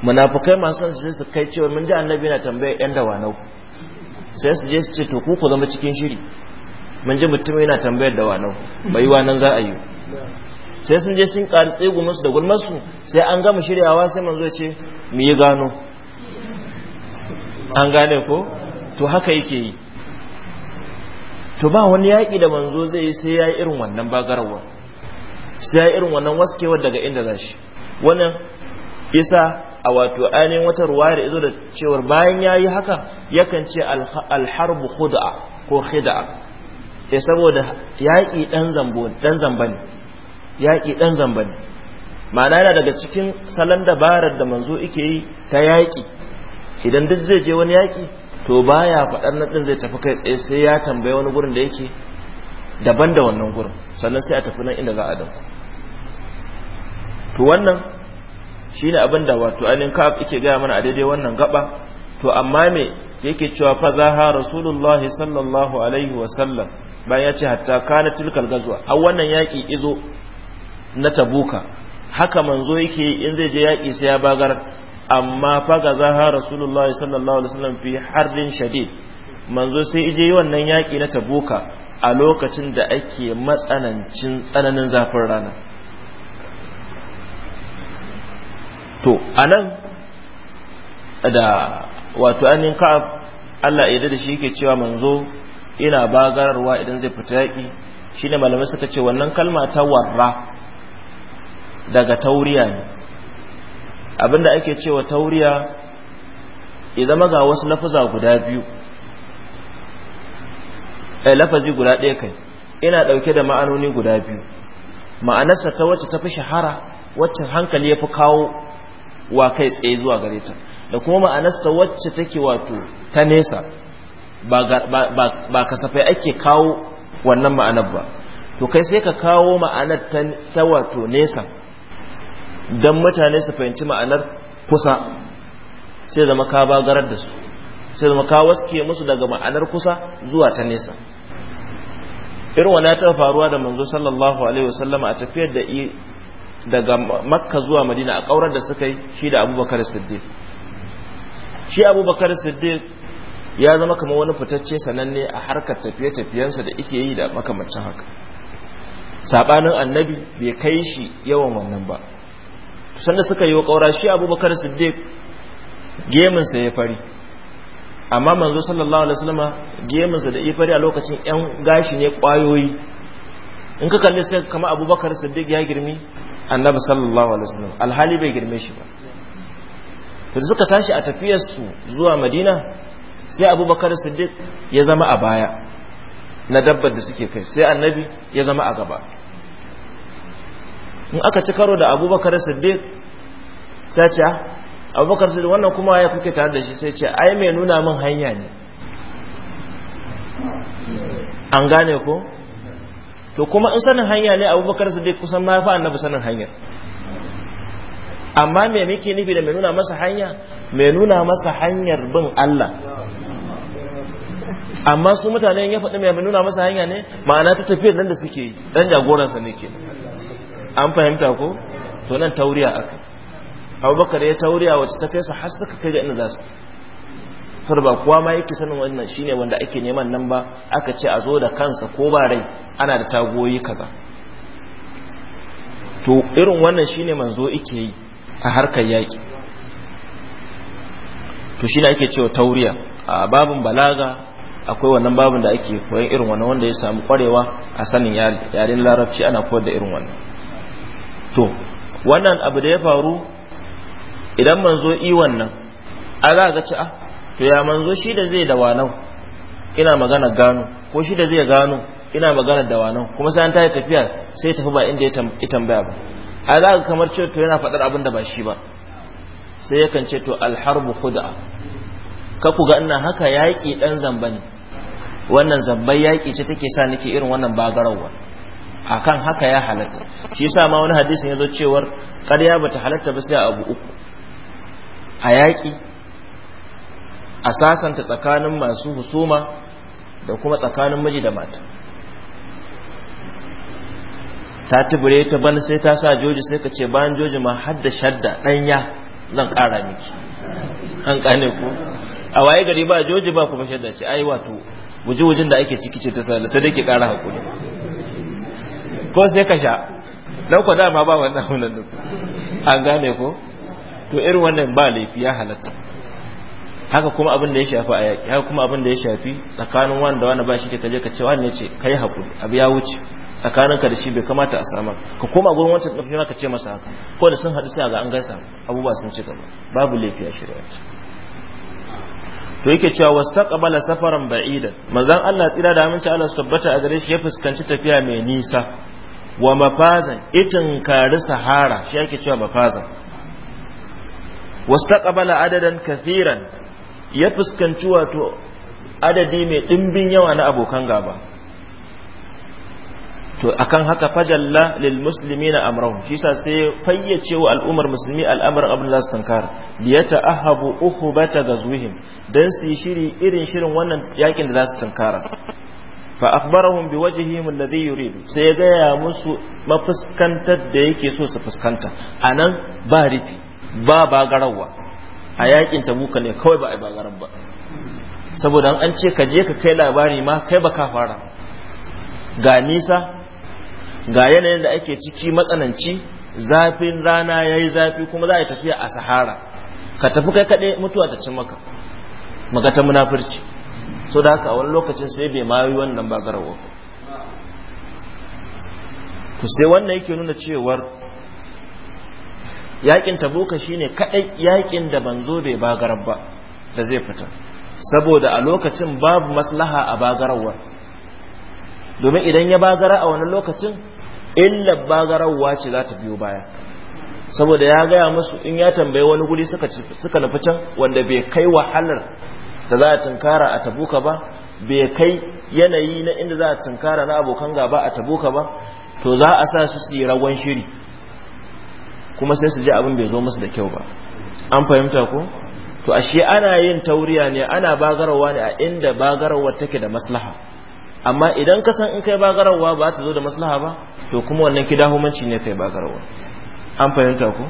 munafukai masu su sai su kai cewa mun ji annabi na tambaya yan da wanau sai su je su ce to ku ku zama cikin shiri mun ji mutum yana tambayar da wanau bai wanan za a yi sai sun je sun ƙari tsegu musu da su sai an gama shiryawa sai manzo ce mu yi gano an gane ko to haka yake yi to ba wani yaƙi da manzo zai yi sai ya yi irin wannan bagarawar sai ya irin wannan waskewar daga inda za shi wannan isa a wato ainihin wata ruwayar izo da cewar bayan ya yi haka yakan ce alharbu khuda'a ko khida'a ya eh, saboda yaƙi ɗan zamba ne yaƙi ɗan ma'ana yana daga cikin salon dabarar da manzo ike yi ta yaƙi idan duk zai je wani yaƙi to baya faɗar na ɗin zai tafi kai tsaye sai ya tambaye wani gurin da yake daban da wannan gurin sannan sai a tafi nan inda za a dauko to wannan shine abin da wato ainihin ka'ab yake gaya mana a daidai wannan gaba to amma me yake cewa fa zaha rasulullahi sallallahu alaihi wa sallam bayan ya ce hatta kana tilkal gazwa a wannan yaki izo na tabuka haka manzo yake in zai je yaki sai ya bagar amma faga zaha rasulullah sallallahu alaihi wasallam fi harbin shadid manzo sai ije yi wannan yaki na tabuka a lokacin da ake matsanancin tsananin zafin rana to anan da wato anin ka Allah ya da shi yake cewa manzo ina bagararwa idan zai fita yaƙi shine malamai suka ce wannan kalma ta warra daga tauriya ne abinda ake cewa tauriya ya zama ga wasu lafaza guda biyu eh, lafazi guda ɗaya kai ina ɗauke da ma'anoni guda biyu ma'anarsa ta wacce ta fi shahara wacce hankali ya fi kawo wa kai tsaye zuwa gare ta da kuma ma'anarsa wacce take wato ta nesa ba kasafai ake kawo wannan ma'anar ba to kai sai ka kawo ma'anar ta wato nesa don mutane su fahimci ma'anar kusa sai zama ka bagarar da su sai zama ka waske musu daga ma'anar kusa zuwa ta nesa irin wani ta faruwa da manzo sallallahu alaihi wasallama a tafiyar da daga makka zuwa madina a kaurar da suka yi shi da abubakar siddiq shi abubakar siddiq ya zama kamar wani fitacce sananne a harkar tafiye tafiyansa da ike yi da makamancin haka sabanin annabi bai kai shi yawan wannan ba da suka yi wa ƙaura shi abubakar siddiq geminsa ya fari amma manzo sallallahu alaihi wasallama geminsa da ya fari a lokacin yan gashi ne ƙwayoyi in ka kalli sai kama abubakar siddiq ya girmi annabi sallallahu alaihi wasallam alhali bai girme shi ba to suka tashi a tafiyar su zuwa madina sai abubakar siddiq ya zama a baya na dabbar da suke kai sai annabi ya zama a gaba in aka ci karo da abubakar siddiq sai ce ah, abubakar siddiq wannan kuma ya kuke tare da shi sai ce ai mai nuna min hanya ne an gane ko to kuma in sanin hanya ne abubakar siddiq kusan ma fa annabi sanin hanyar amma me muke nufi da mai nuna masa hanya mai nuna masa hanyar bin Allah amma su mutane ya faɗi mai nuna masa hanya ne ma'ana ta tafiyar nan da suke yi dan jagoransa ne ke an fahimta ko to nan tauriya aka abubakar ya tauriya wacce ta kai sa har suka kai ga inda za su far ba kuwa ma yake sanin wannan shine wanda ake neman nan ba aka ce a zo da kansa ko ba rai ana da tagoyi kaza to irin wannan shine manzo yake yi a harkar yaki to shine ake cewa tauriya a babin balaga akwai wannan babin da ake koyan irin wannan wanda ya samu kwarewa a sanin yaren larabci ana koyar da irin wannan to wannan abu da ya faru idan manzo i wannan a za ga ci a ah, to ya manzo shi da zai da wanau ina magana gano ko shi da zai gano ina magana da wanau kuma sai an ta tafiya sai tafi ba inda ya tambaya ba a za ga kamar cewa to yana faɗar abin da ba shi ba sai yakan ce to alharbu khud'a ka ku ga ina haka yaƙi ɗan zamba ne wannan zambai yaƙi ce take sa nake irin wannan bagarawa akan haka ya halatta shi yasa ma wani hadisin yazo cewar ƙarya bata halatta ba sai abu uku a yaƙi a sasanta tsakanin masu husuma da kuma tsakanin miji da mata ta tubure ta ban sai ta sa joji sai ka ce bayan joji ma hadda shadda ɗanya zan ƙara miki an ƙane ku a waye gari ba joji ba kuma shadda ce ai wato wuji-wujin da ake ciki ce ta sai da ke ƙara haƙuri ko sai ka sha dan ko dama ba wannan wannan duk an gane ko to irin wannan ba laifi ya halatta haka kuma abin da ya shafi a yaƙi haka kuma abin da ya shafi tsakanin wani da wani ba shi ke je ka ce wani ce ka yi haƙuri abu ya wuce tsakaninka da shi bai kamata a samar ka koma gurin wancan ɗafi ka ce masa haka ko da sun haɗu sai ga an gaisa abubuwa sun ci gaba babu laifi a shirya to yake cewa wastaqbala safaran ba'idan mazan Allah tsira da aminci Allah su tabbata a gare shi ya fuskanci tafiya mai nisa wa mafazan itin kari sahara shi ake cewa mafazan wastaqbala adadan kathiran ya fuskanci wato adadi mai dimbin yawa na abokan gaba to akan haka fajalla lil na amrahum shi sa sai fayyace wa al'ummar musulmi al'amarin abin da su ahabu uhu bata ga gazwihim dan su yi shiri irin shirin wannan yakin da za su tankara fa akhbarahum bi wajhihim alladhi yuridu sai ya gaya musu mafuskantar da yake so su fuskanta anan ba rifi ba bagarawa a yakin tabuka ne kawai ba a garan ba saboda an ce ka je ka kai labari ma kai ba ka fara ga nisa ga yanayin da ake ciki matsananci zafin rana yayi zafi kuma za a tafiya a sahara ka tafi kai kaɗai mutuwa ta cin maka maka ta munafurci so da haka a wani lokacin sai bai ma yi wannan ba garawa to sai wannan yake nuna cewar yakin tabuka shine kadai yakin da banzo bai bagarar ba da zai fita saboda a lokacin babu maslaha a bagararwa domin idan ya bagara a wani lokacin illa bagararwa ce za ta biyo baya saboda ya gaya musu in ya tambayi wani guri suka nufi can wanda bai kai wahalar da za a tunkara a tabuka ba bai kai yanayi na inda za a tunkara na abokan gaba a tabuka ba to za a sa su su yi ragon shiri kuma sai su ji abin bai zo musu da kyau ba an fahimta ko to ashe ana yin tauriya ne ana bagarwa ne a inda bagarawa take da maslaha amma idan ka san in kai bagarawa ba ta zo da maslaha ba to kuma wannan kidahumanci ne kai bagarawa an fahimta ko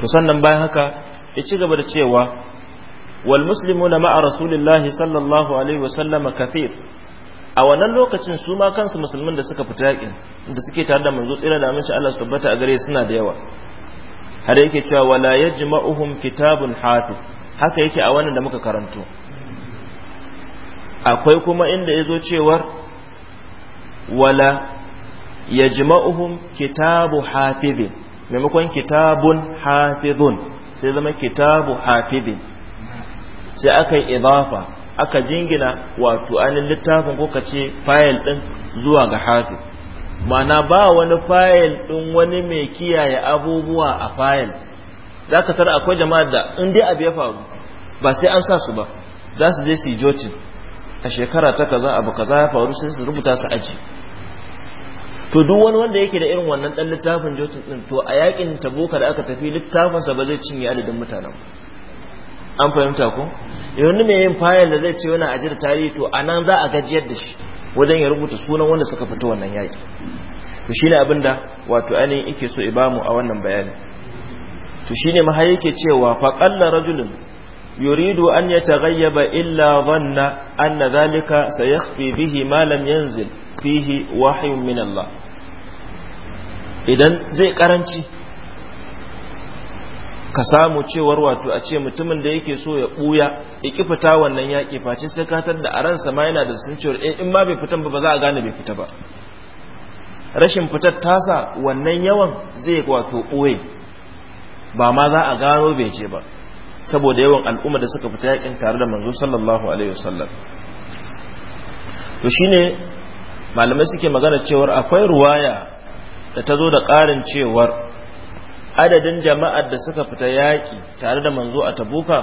to sannan bayan haka ya ci gaba da cewa wal muslimuna ma'a rasulillahi sallallahu alaihi wa sallam kafir a wannan lokacin su ma kansu musulmin da suka fita yakin da suke tare da manzo tsira da aminci Allah su tabbata a gare suna da yawa har yake cewa wala yajma'uhum kitabun hafiz haka yake a wannan da muka karanto akwai kuma inda yazo cewar wala yajma'uhum kitabu hafizin maimakon kitabun hafizun sai zama kitabu hafidin sai aka yi idafa aka jingina wato ainihin littafin ko ka ce fayil ɗin zuwa ga hafi mana ba wani fayil ɗin wani mai kiyaye abubuwa a fayil za ka tara akwai jama'ar da in dai abu ya faru ba sai an sa su ba za su je su yi jotin a shekara ta kaza abu kaza ya faru sai su rubuta su aji to duk wani wanda yake da irin wannan dan littafin jotin din to a yakin tabuka da aka tafi sa ba zai cinye adadin mutanen an fahimta ko yanzu me yin fayil da zai ce wani ajir tarihi to anan za a gajiyar da shi wajen ya rubuta sunan wanda suka fita wannan yaki to shi ne abinda wato ainihin yake so ibamu a wannan bayani to shi ne mahayi ke cewa faƙalla rajulun يريد an يتغيب illa ظن أن ذلك سيخفي bihi ما لم ينزل fihi wahyun min Allah idan zai قرنتي ka samu cewar wato a ce mutumin da yake so ya ɓuya ya ki fita wannan yaƙi face sai ka tar da a ransa ma yana da sun cewar eh, in ma bai fitan ba ba za a gane bai fita ba rashin fitar tasa wannan yawan zai wato ɓoye ba ma za a gano bai je ba saboda yawan al'umma da suka fita yakin tare da manzo sallallahu alaihi wasallam to shine malamai suke magana cewar akwai ruwaya da ta zo da ƙarin cewar adadin jama'ar da suka fita yaƙi tare da manzo a tabuka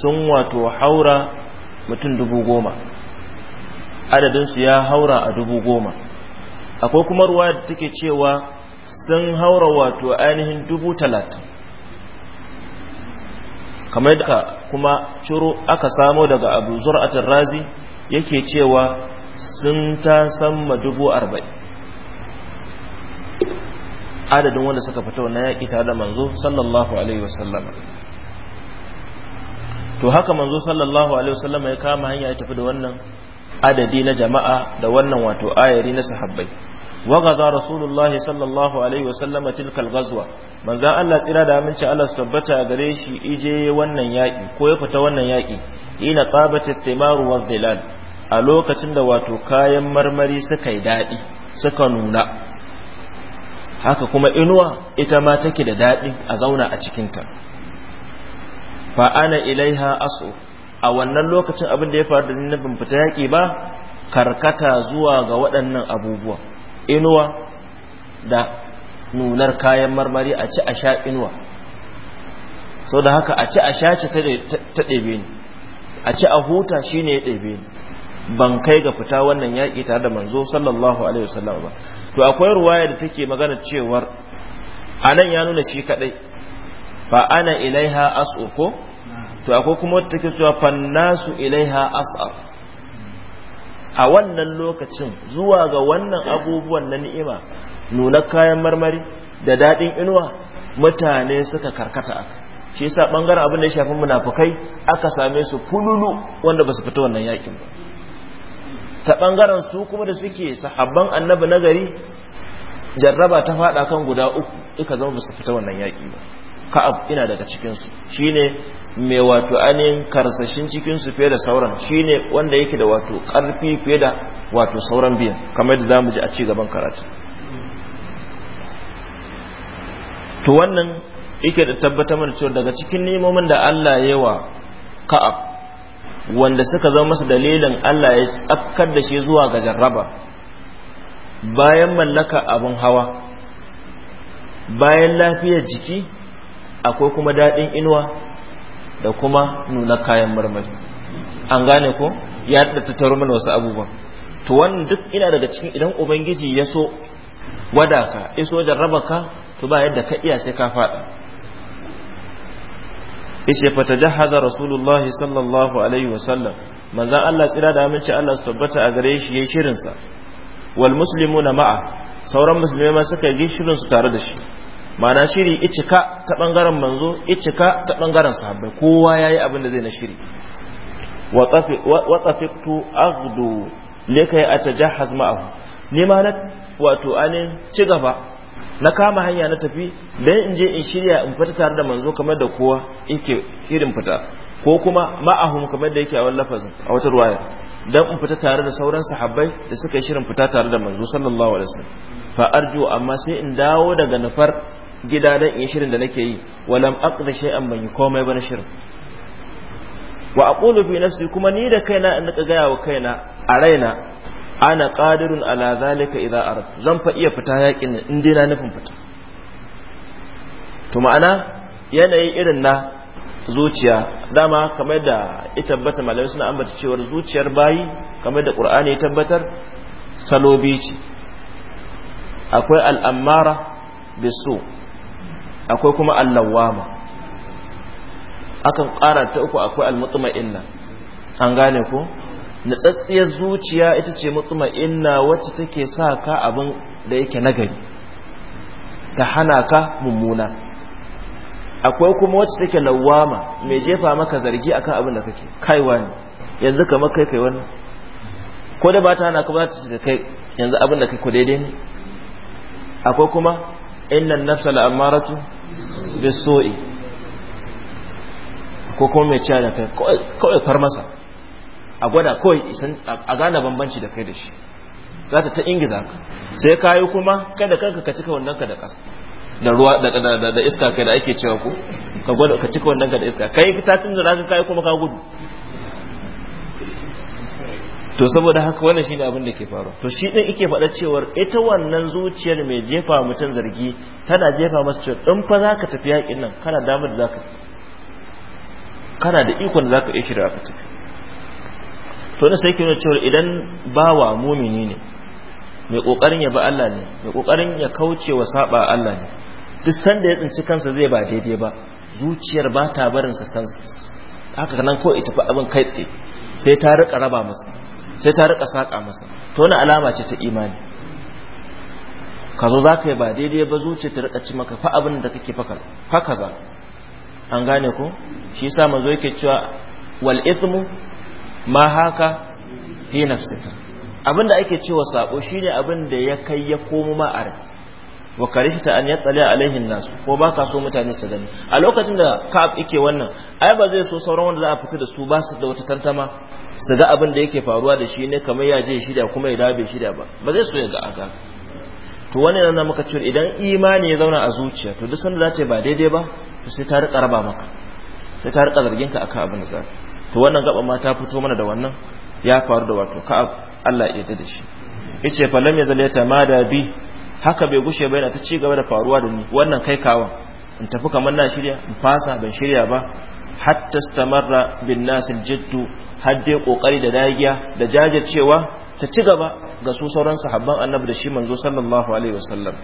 sun wato haura mutum dubu goma adadinsu ya haura a dubu goma akwai kuma ruwaya da take cewa sun haura wato ainihin dubu talatin kamar da kuma ciro aka samo daga abu zur'atar razi yake cewa sun ta samma dubu arba'in adadin wanda suka fito na yaƙi tare da manzo sallallahu alaihi wasallam to haka manzo sallallahu alaihi wasallam ya kama hanya ya tafi da wannan adadi na jama'a da wannan wato ayari na sahabbai وغزا رسول الله صلى الله عليه وسلم تلك الغزوه من ذا tsira da aminci Allah su tabbata gare shi ije wannan yaki ko ya fita wannan yaki ina qabat istimaru wa dhilal a lokacin da wato kayan marmari suka yi dadi suka nuna haka kuma inuwa ita ma take da dadi a zauna a cikin ta fa ana ilaiha asu a wannan lokacin abin da ya faru da ni na ban fita yaki ba karkata zuwa ga waɗannan abubuwa inuwa da nunar kayan marmari a ci a sha inuwa sau da haka a ci a sha ce ta ɗebe ni a ci a huta shi ne ya ɗebe ni ban kai ga fita wannan yaƙi tare da manzo sallallahu alaihi wasallam ba to akwai ruwaya da take magana cewar anan ya nuna shi kaɗai fa ana ilaiha as'u ko to akwai kuma wata take cewa fannasu ilaiha as'ar a wannan lokacin zuwa ga wannan abubuwan na ni'ima nuna kayan marmari da daɗin inuwa mutane suka karkata aka shi yasa bangaren abin da ya shafi munafukai aka same su fululu wanda ba su fita wannan yakin ba ta bangaren su kuma da suke sahabban annabi nagari jarraba ta faɗa kan guda uku ika zama ba su fita wannan yaki ba ka'ab ina daga cikinsu shine mai wato ainihin karsashin cikinsu fiye da sauran shine wanda yake da wato ƙarfi fiye da wato sauran biyan kamar da za mu ji a ci gaban karatu to wannan yake da tabbatar mana cewa daga cikin nemomin da Allah ya wa ka'ab wanda suka zama masa dalilin Allah ya tsakar da shi zuwa ga jarraba bayan mallaka abin hawa bayan lafiyar jiki akwai kuma daɗin inuwa da kuma nuna kayan marmari an gane ko ya da ta taru mana wasu abubuwan to wannan duk ina daga cikin idan ubangiji ya so wada ka ya so jarraba ka to ba yadda ka iya sai ka faɗa ishe fata jahaza rasulullah sallallahu alaihi wasallam manzan Allah tsira da aminci Allah su tabbata a gare shi yayin shirinsa wal muslimuna ma'a sauran musulmai ma suka yi shirinsu tare da shi mana shiri icika ta bangaren manzo icika ta bangaren sahabbai kowa yayi abin da zai na shiri wa tsafiktu aghdu likai atajahhaz ma'ahu ni ma na wato anin ci gaba na kama hanya na tafi dan in je in shirya in fita tare da manzo kamar da kowa yake irin fita ko kuma ma'ahum kamar da yake a wallafazin a wata ruwaya dan in fita tare da sauran sahabbai da suka yi shirin fita tare da manzo sallallahu alaihi wasallam fa arju amma sai in dawo daga nafar gida dan in shirin da nake yi walam aqdi shay'an ban yi komai ba na shirin wa aqulu bi nafsi kuma ni da kaina in nika gaya wa kaina a raina ana qadirun ala zalika idza arad zan fa iya fita yakin in dai na nufin fita to ma'ana yanayi irin na zuciya dama kamar da ya tabbata malamai suna ambata cewar zuciyar bayi kamar da qur'ani ya tabbatar salobi ce akwai al'ammara bisu akwai kuma allawama akan ƙara ta uku akwai almutma'inna an gane ko natsatsiyar zuciya ita ce mutma'inna wacce take sa ka abin da yake nagari ta hana ka mummuna akwai kuma wacce take lawama mai jefa maka zargi akan abin da kake kaiwa ne yanzu kamar kai kai wannan ko da ba ta hana ka ba ta da kai yanzu abin da kai ku daidai ne akwai kuma innan nafsa la'amaratu biso'i ko kuma mai ciya da kai kawai far masa a gwada kawai a gane bambanci da kai da shi za ta ta ingiza ka sai kayi kuma kuma kada kanka ka cika wannan ka da ƙasa da ruwa da iska kai da ake cewa ko ka gwada ka cika wannan ka da iska kai ta tun da ka kai kuma ka gudu to saboda haka wannan shine abin da ke faru to shi din yake faɗa cewa ita wannan zuciyar mai jefa mutum zargi tana jefa masa cewa in fa zaka tafi yakin nan kana damar zaka kana da ikon da zaka iya shirya ka tafi to ne sai kina cewa idan bawa mumini ne mai kokarin ya ba Allah ne mai kokarin ya kauce wa saba Allah ne duk sanda ya tsinci kansa zai ba daidai ba zuciyar ba ta barin sa san haka nan ko ita fa abin kai tsaye sai ta rika raba masa sai ta rika saka masa to wani alama ce ta imani ka zo za ka yi ba daidai ba zuciya ta rika ci maka fa abin da kake fa kaza an gane ku shi yasa zo yake cewa wal ithmu ma haka fi nafsika abin da ake cewa sabo shine abin da ya kai ya komo ma a wa karihta an yatsali alaihin nas ko ba ka so mutane su gani a lokacin da ka yake wannan ai ba zai so sauran wanda za a fita da su ba su da wata tantama su ga abin da yake faruwa da shi ne kamar ya je shida kuma ya dabe shida ba ba zai so ya ga aka to wani nan muka ce idan imani ya zauna a zuciya to duk sanda za ta ba daidai ba to sai ta rika raba maka sai ta rika zargin ka akan abin da za to wannan gaba ma ta fito mana da wannan ya faru da wato ka Allah ya da shi yace fa lam yazal yatamada bi haka bai gushe ba yana ta ci gaba da faruwa da ni wannan kai kawan in tafi kamar na shirya in fasa ban shirya ba hatta stamarra bin nasil jiddu har dai kokari da dagiya da jajircewa ta ci gaba ga su sauran sahabban annabi da shi manzo sallallahu alaihi wasallam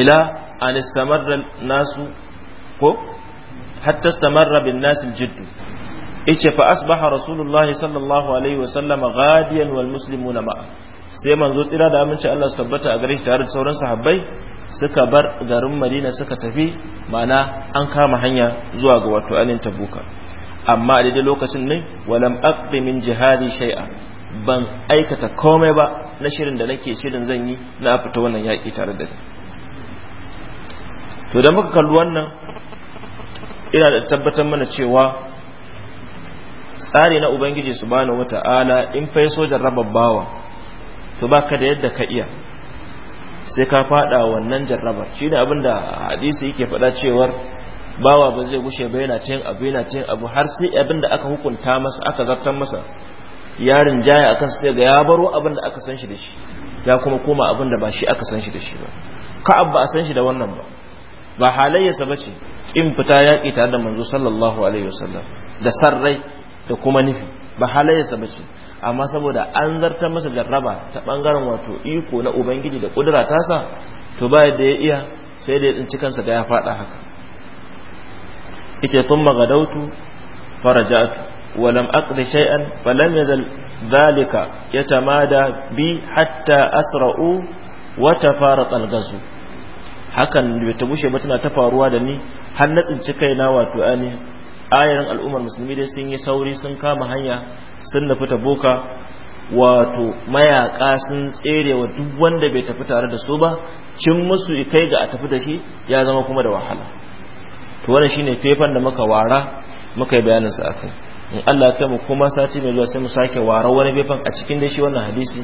ila an istamarra nasu ko hatta istamarra bin nasil jiddu ice fa asbaha rasulullahi sallallahu alaihi wasallam ghadiyan wal muslimuna ma'a sai manzo tsira da aminci Allah su tabbata a gare shi tare da sauran sahabbai suka bar garin Madina suka tafi ma'ana an kama hanya zuwa ga wato alin Tabuka amma a daidai lokacin ne walam aqbi min jihadi shay'a ban aikata komai ba na shirin da nake shirin zan yi na fita wannan yaƙi tare da to da muka kalli wannan ina da tabbatar mana cewa tsari na ubangiji subhanahu wata'ala in fa sojan rabar bawa to baka da yadda ka iya sai ka fada wannan jarrabar shi ne abinda hadisi yake faɗa cewar bawa ba zai gushe ba yana cin abu yana cin abu har sai abinda aka hukunta masa aka zartar masa yarin jaya akan sai ga ya baro abinda aka san shi da shi ya kuma koma abinda ba shi aka san shi da shi ba ka'ab ba a san shi da wannan ba ba halayyarsa bace in fita yaƙi tare da manzo sallallahu alaihi wasallam da sarrai da kuma nufi ba halayyarsa bace amma saboda an zartar masa jarraba ta bangaren wato iko na ubangiji da kudura tasa to ba yadda ya iya sai da ya tsinci kansa da ya fada haka yace sun magadautu faraja'tu wa aqdi shay'an falam yazal dhalika yatamada bi hatta asra'u wa tafarata al-ghazw hakan bai ta bushe ba tana ta faruwa da ni har na tsinci kaina wato ani ayarin al'ummar musulmi dai sun yi sauri sun kama hanya sun nufi boka wato mayaka sun tserewa duk wanda bai tafi tare da su ba cin musu kai ga a tafi da shi ya zama kuma da wahala to wannan shine fefan da muka wara muka yi bayanin sa akai in Allah ya mu kuma sati mai zuwa sai mu sake wara wani fefan a cikin da shi wannan hadisi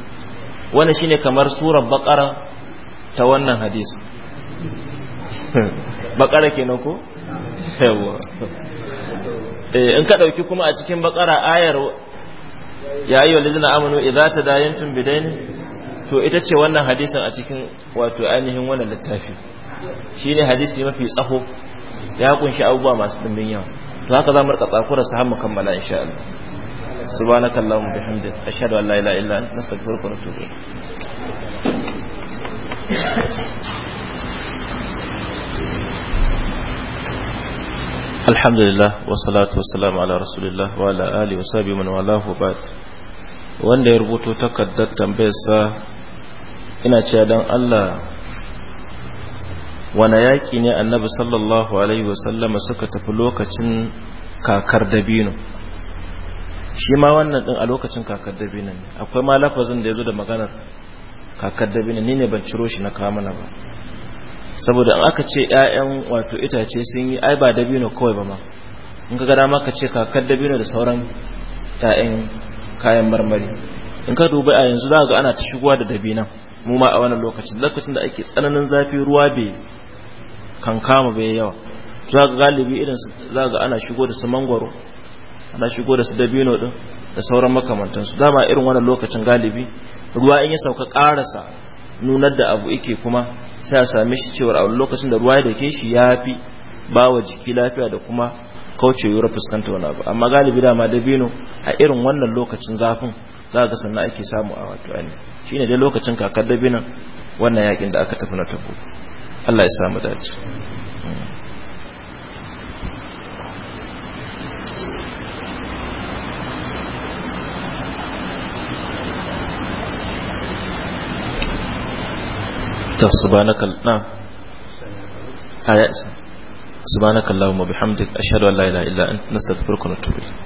wannan shine kamar surar baqara ta wannan hadisi baqara kenan ko yawa eh, in ka dauki kuma a cikin baqara ayar ya yi wa idan ta dayan tun tadayantum ne to ita ce wannan hadisin a cikin wato ainihin wannan littafi shi ne hadisi mafi tsaho ya kunshi abubuwa masu dimbin yawa to haka za mu rika tsakura su har mu kammala insha Allah subhanakallahumma bihamdika ashhadu an la ilaha illa anta astaghfiruka wa atubu Alhamdulillah wa salatu wa salam ala Rasulillah wa ala alihi wa sahbihi man walahu ba'd wanda ya rubuto takardar tambayarsa ina cewa don Allah wane yaƙi ne annabi sallallahu alaihi wasallama suka tafi lokacin kakar dabino shi ma wannan ɗin a lokacin kakar dabino ne akwai ma lafazin da ya zo da maganar kakar dabino ni ne ban ciro shi na kawo mana ba saboda an aka ce 'ya'yan wato itace sun yi ai ba dabino kawai ba ma in ka gada maka ce kakar dabino da sauran 'ya'yan kayan marmari in ka dubi a yanzu za ga ana ta shigowa da dabinan mu ma a wannan lokacin lokacin da ake tsananin zafi ruwa bai kankama bai yawa za ga galibi irin za ga ana shigo da su mangwaro ana shigo da su dabino din da sauran makamantansu dama irin wannan lokacin galibi ruwa in ya sauka karasa nunar da abu yake kuma sai a same shi cewar a lokacin da ruwa ya ke shi ya fi ba wa jiki lafiya da kuma kauce yura fuskanta wani abu amma galibi dama dabino a irin wannan lokacin zafin za ga sannan ake samu a wato ainihin shine dai lokacin kakar dabinon wannan yakin da aka tafi na tabo Allah ya samu dace ta subhanaka na ayat subhanakallahumma na ashhadu an la ilaha illa illan nastaghfiruka
wa natubu ilayk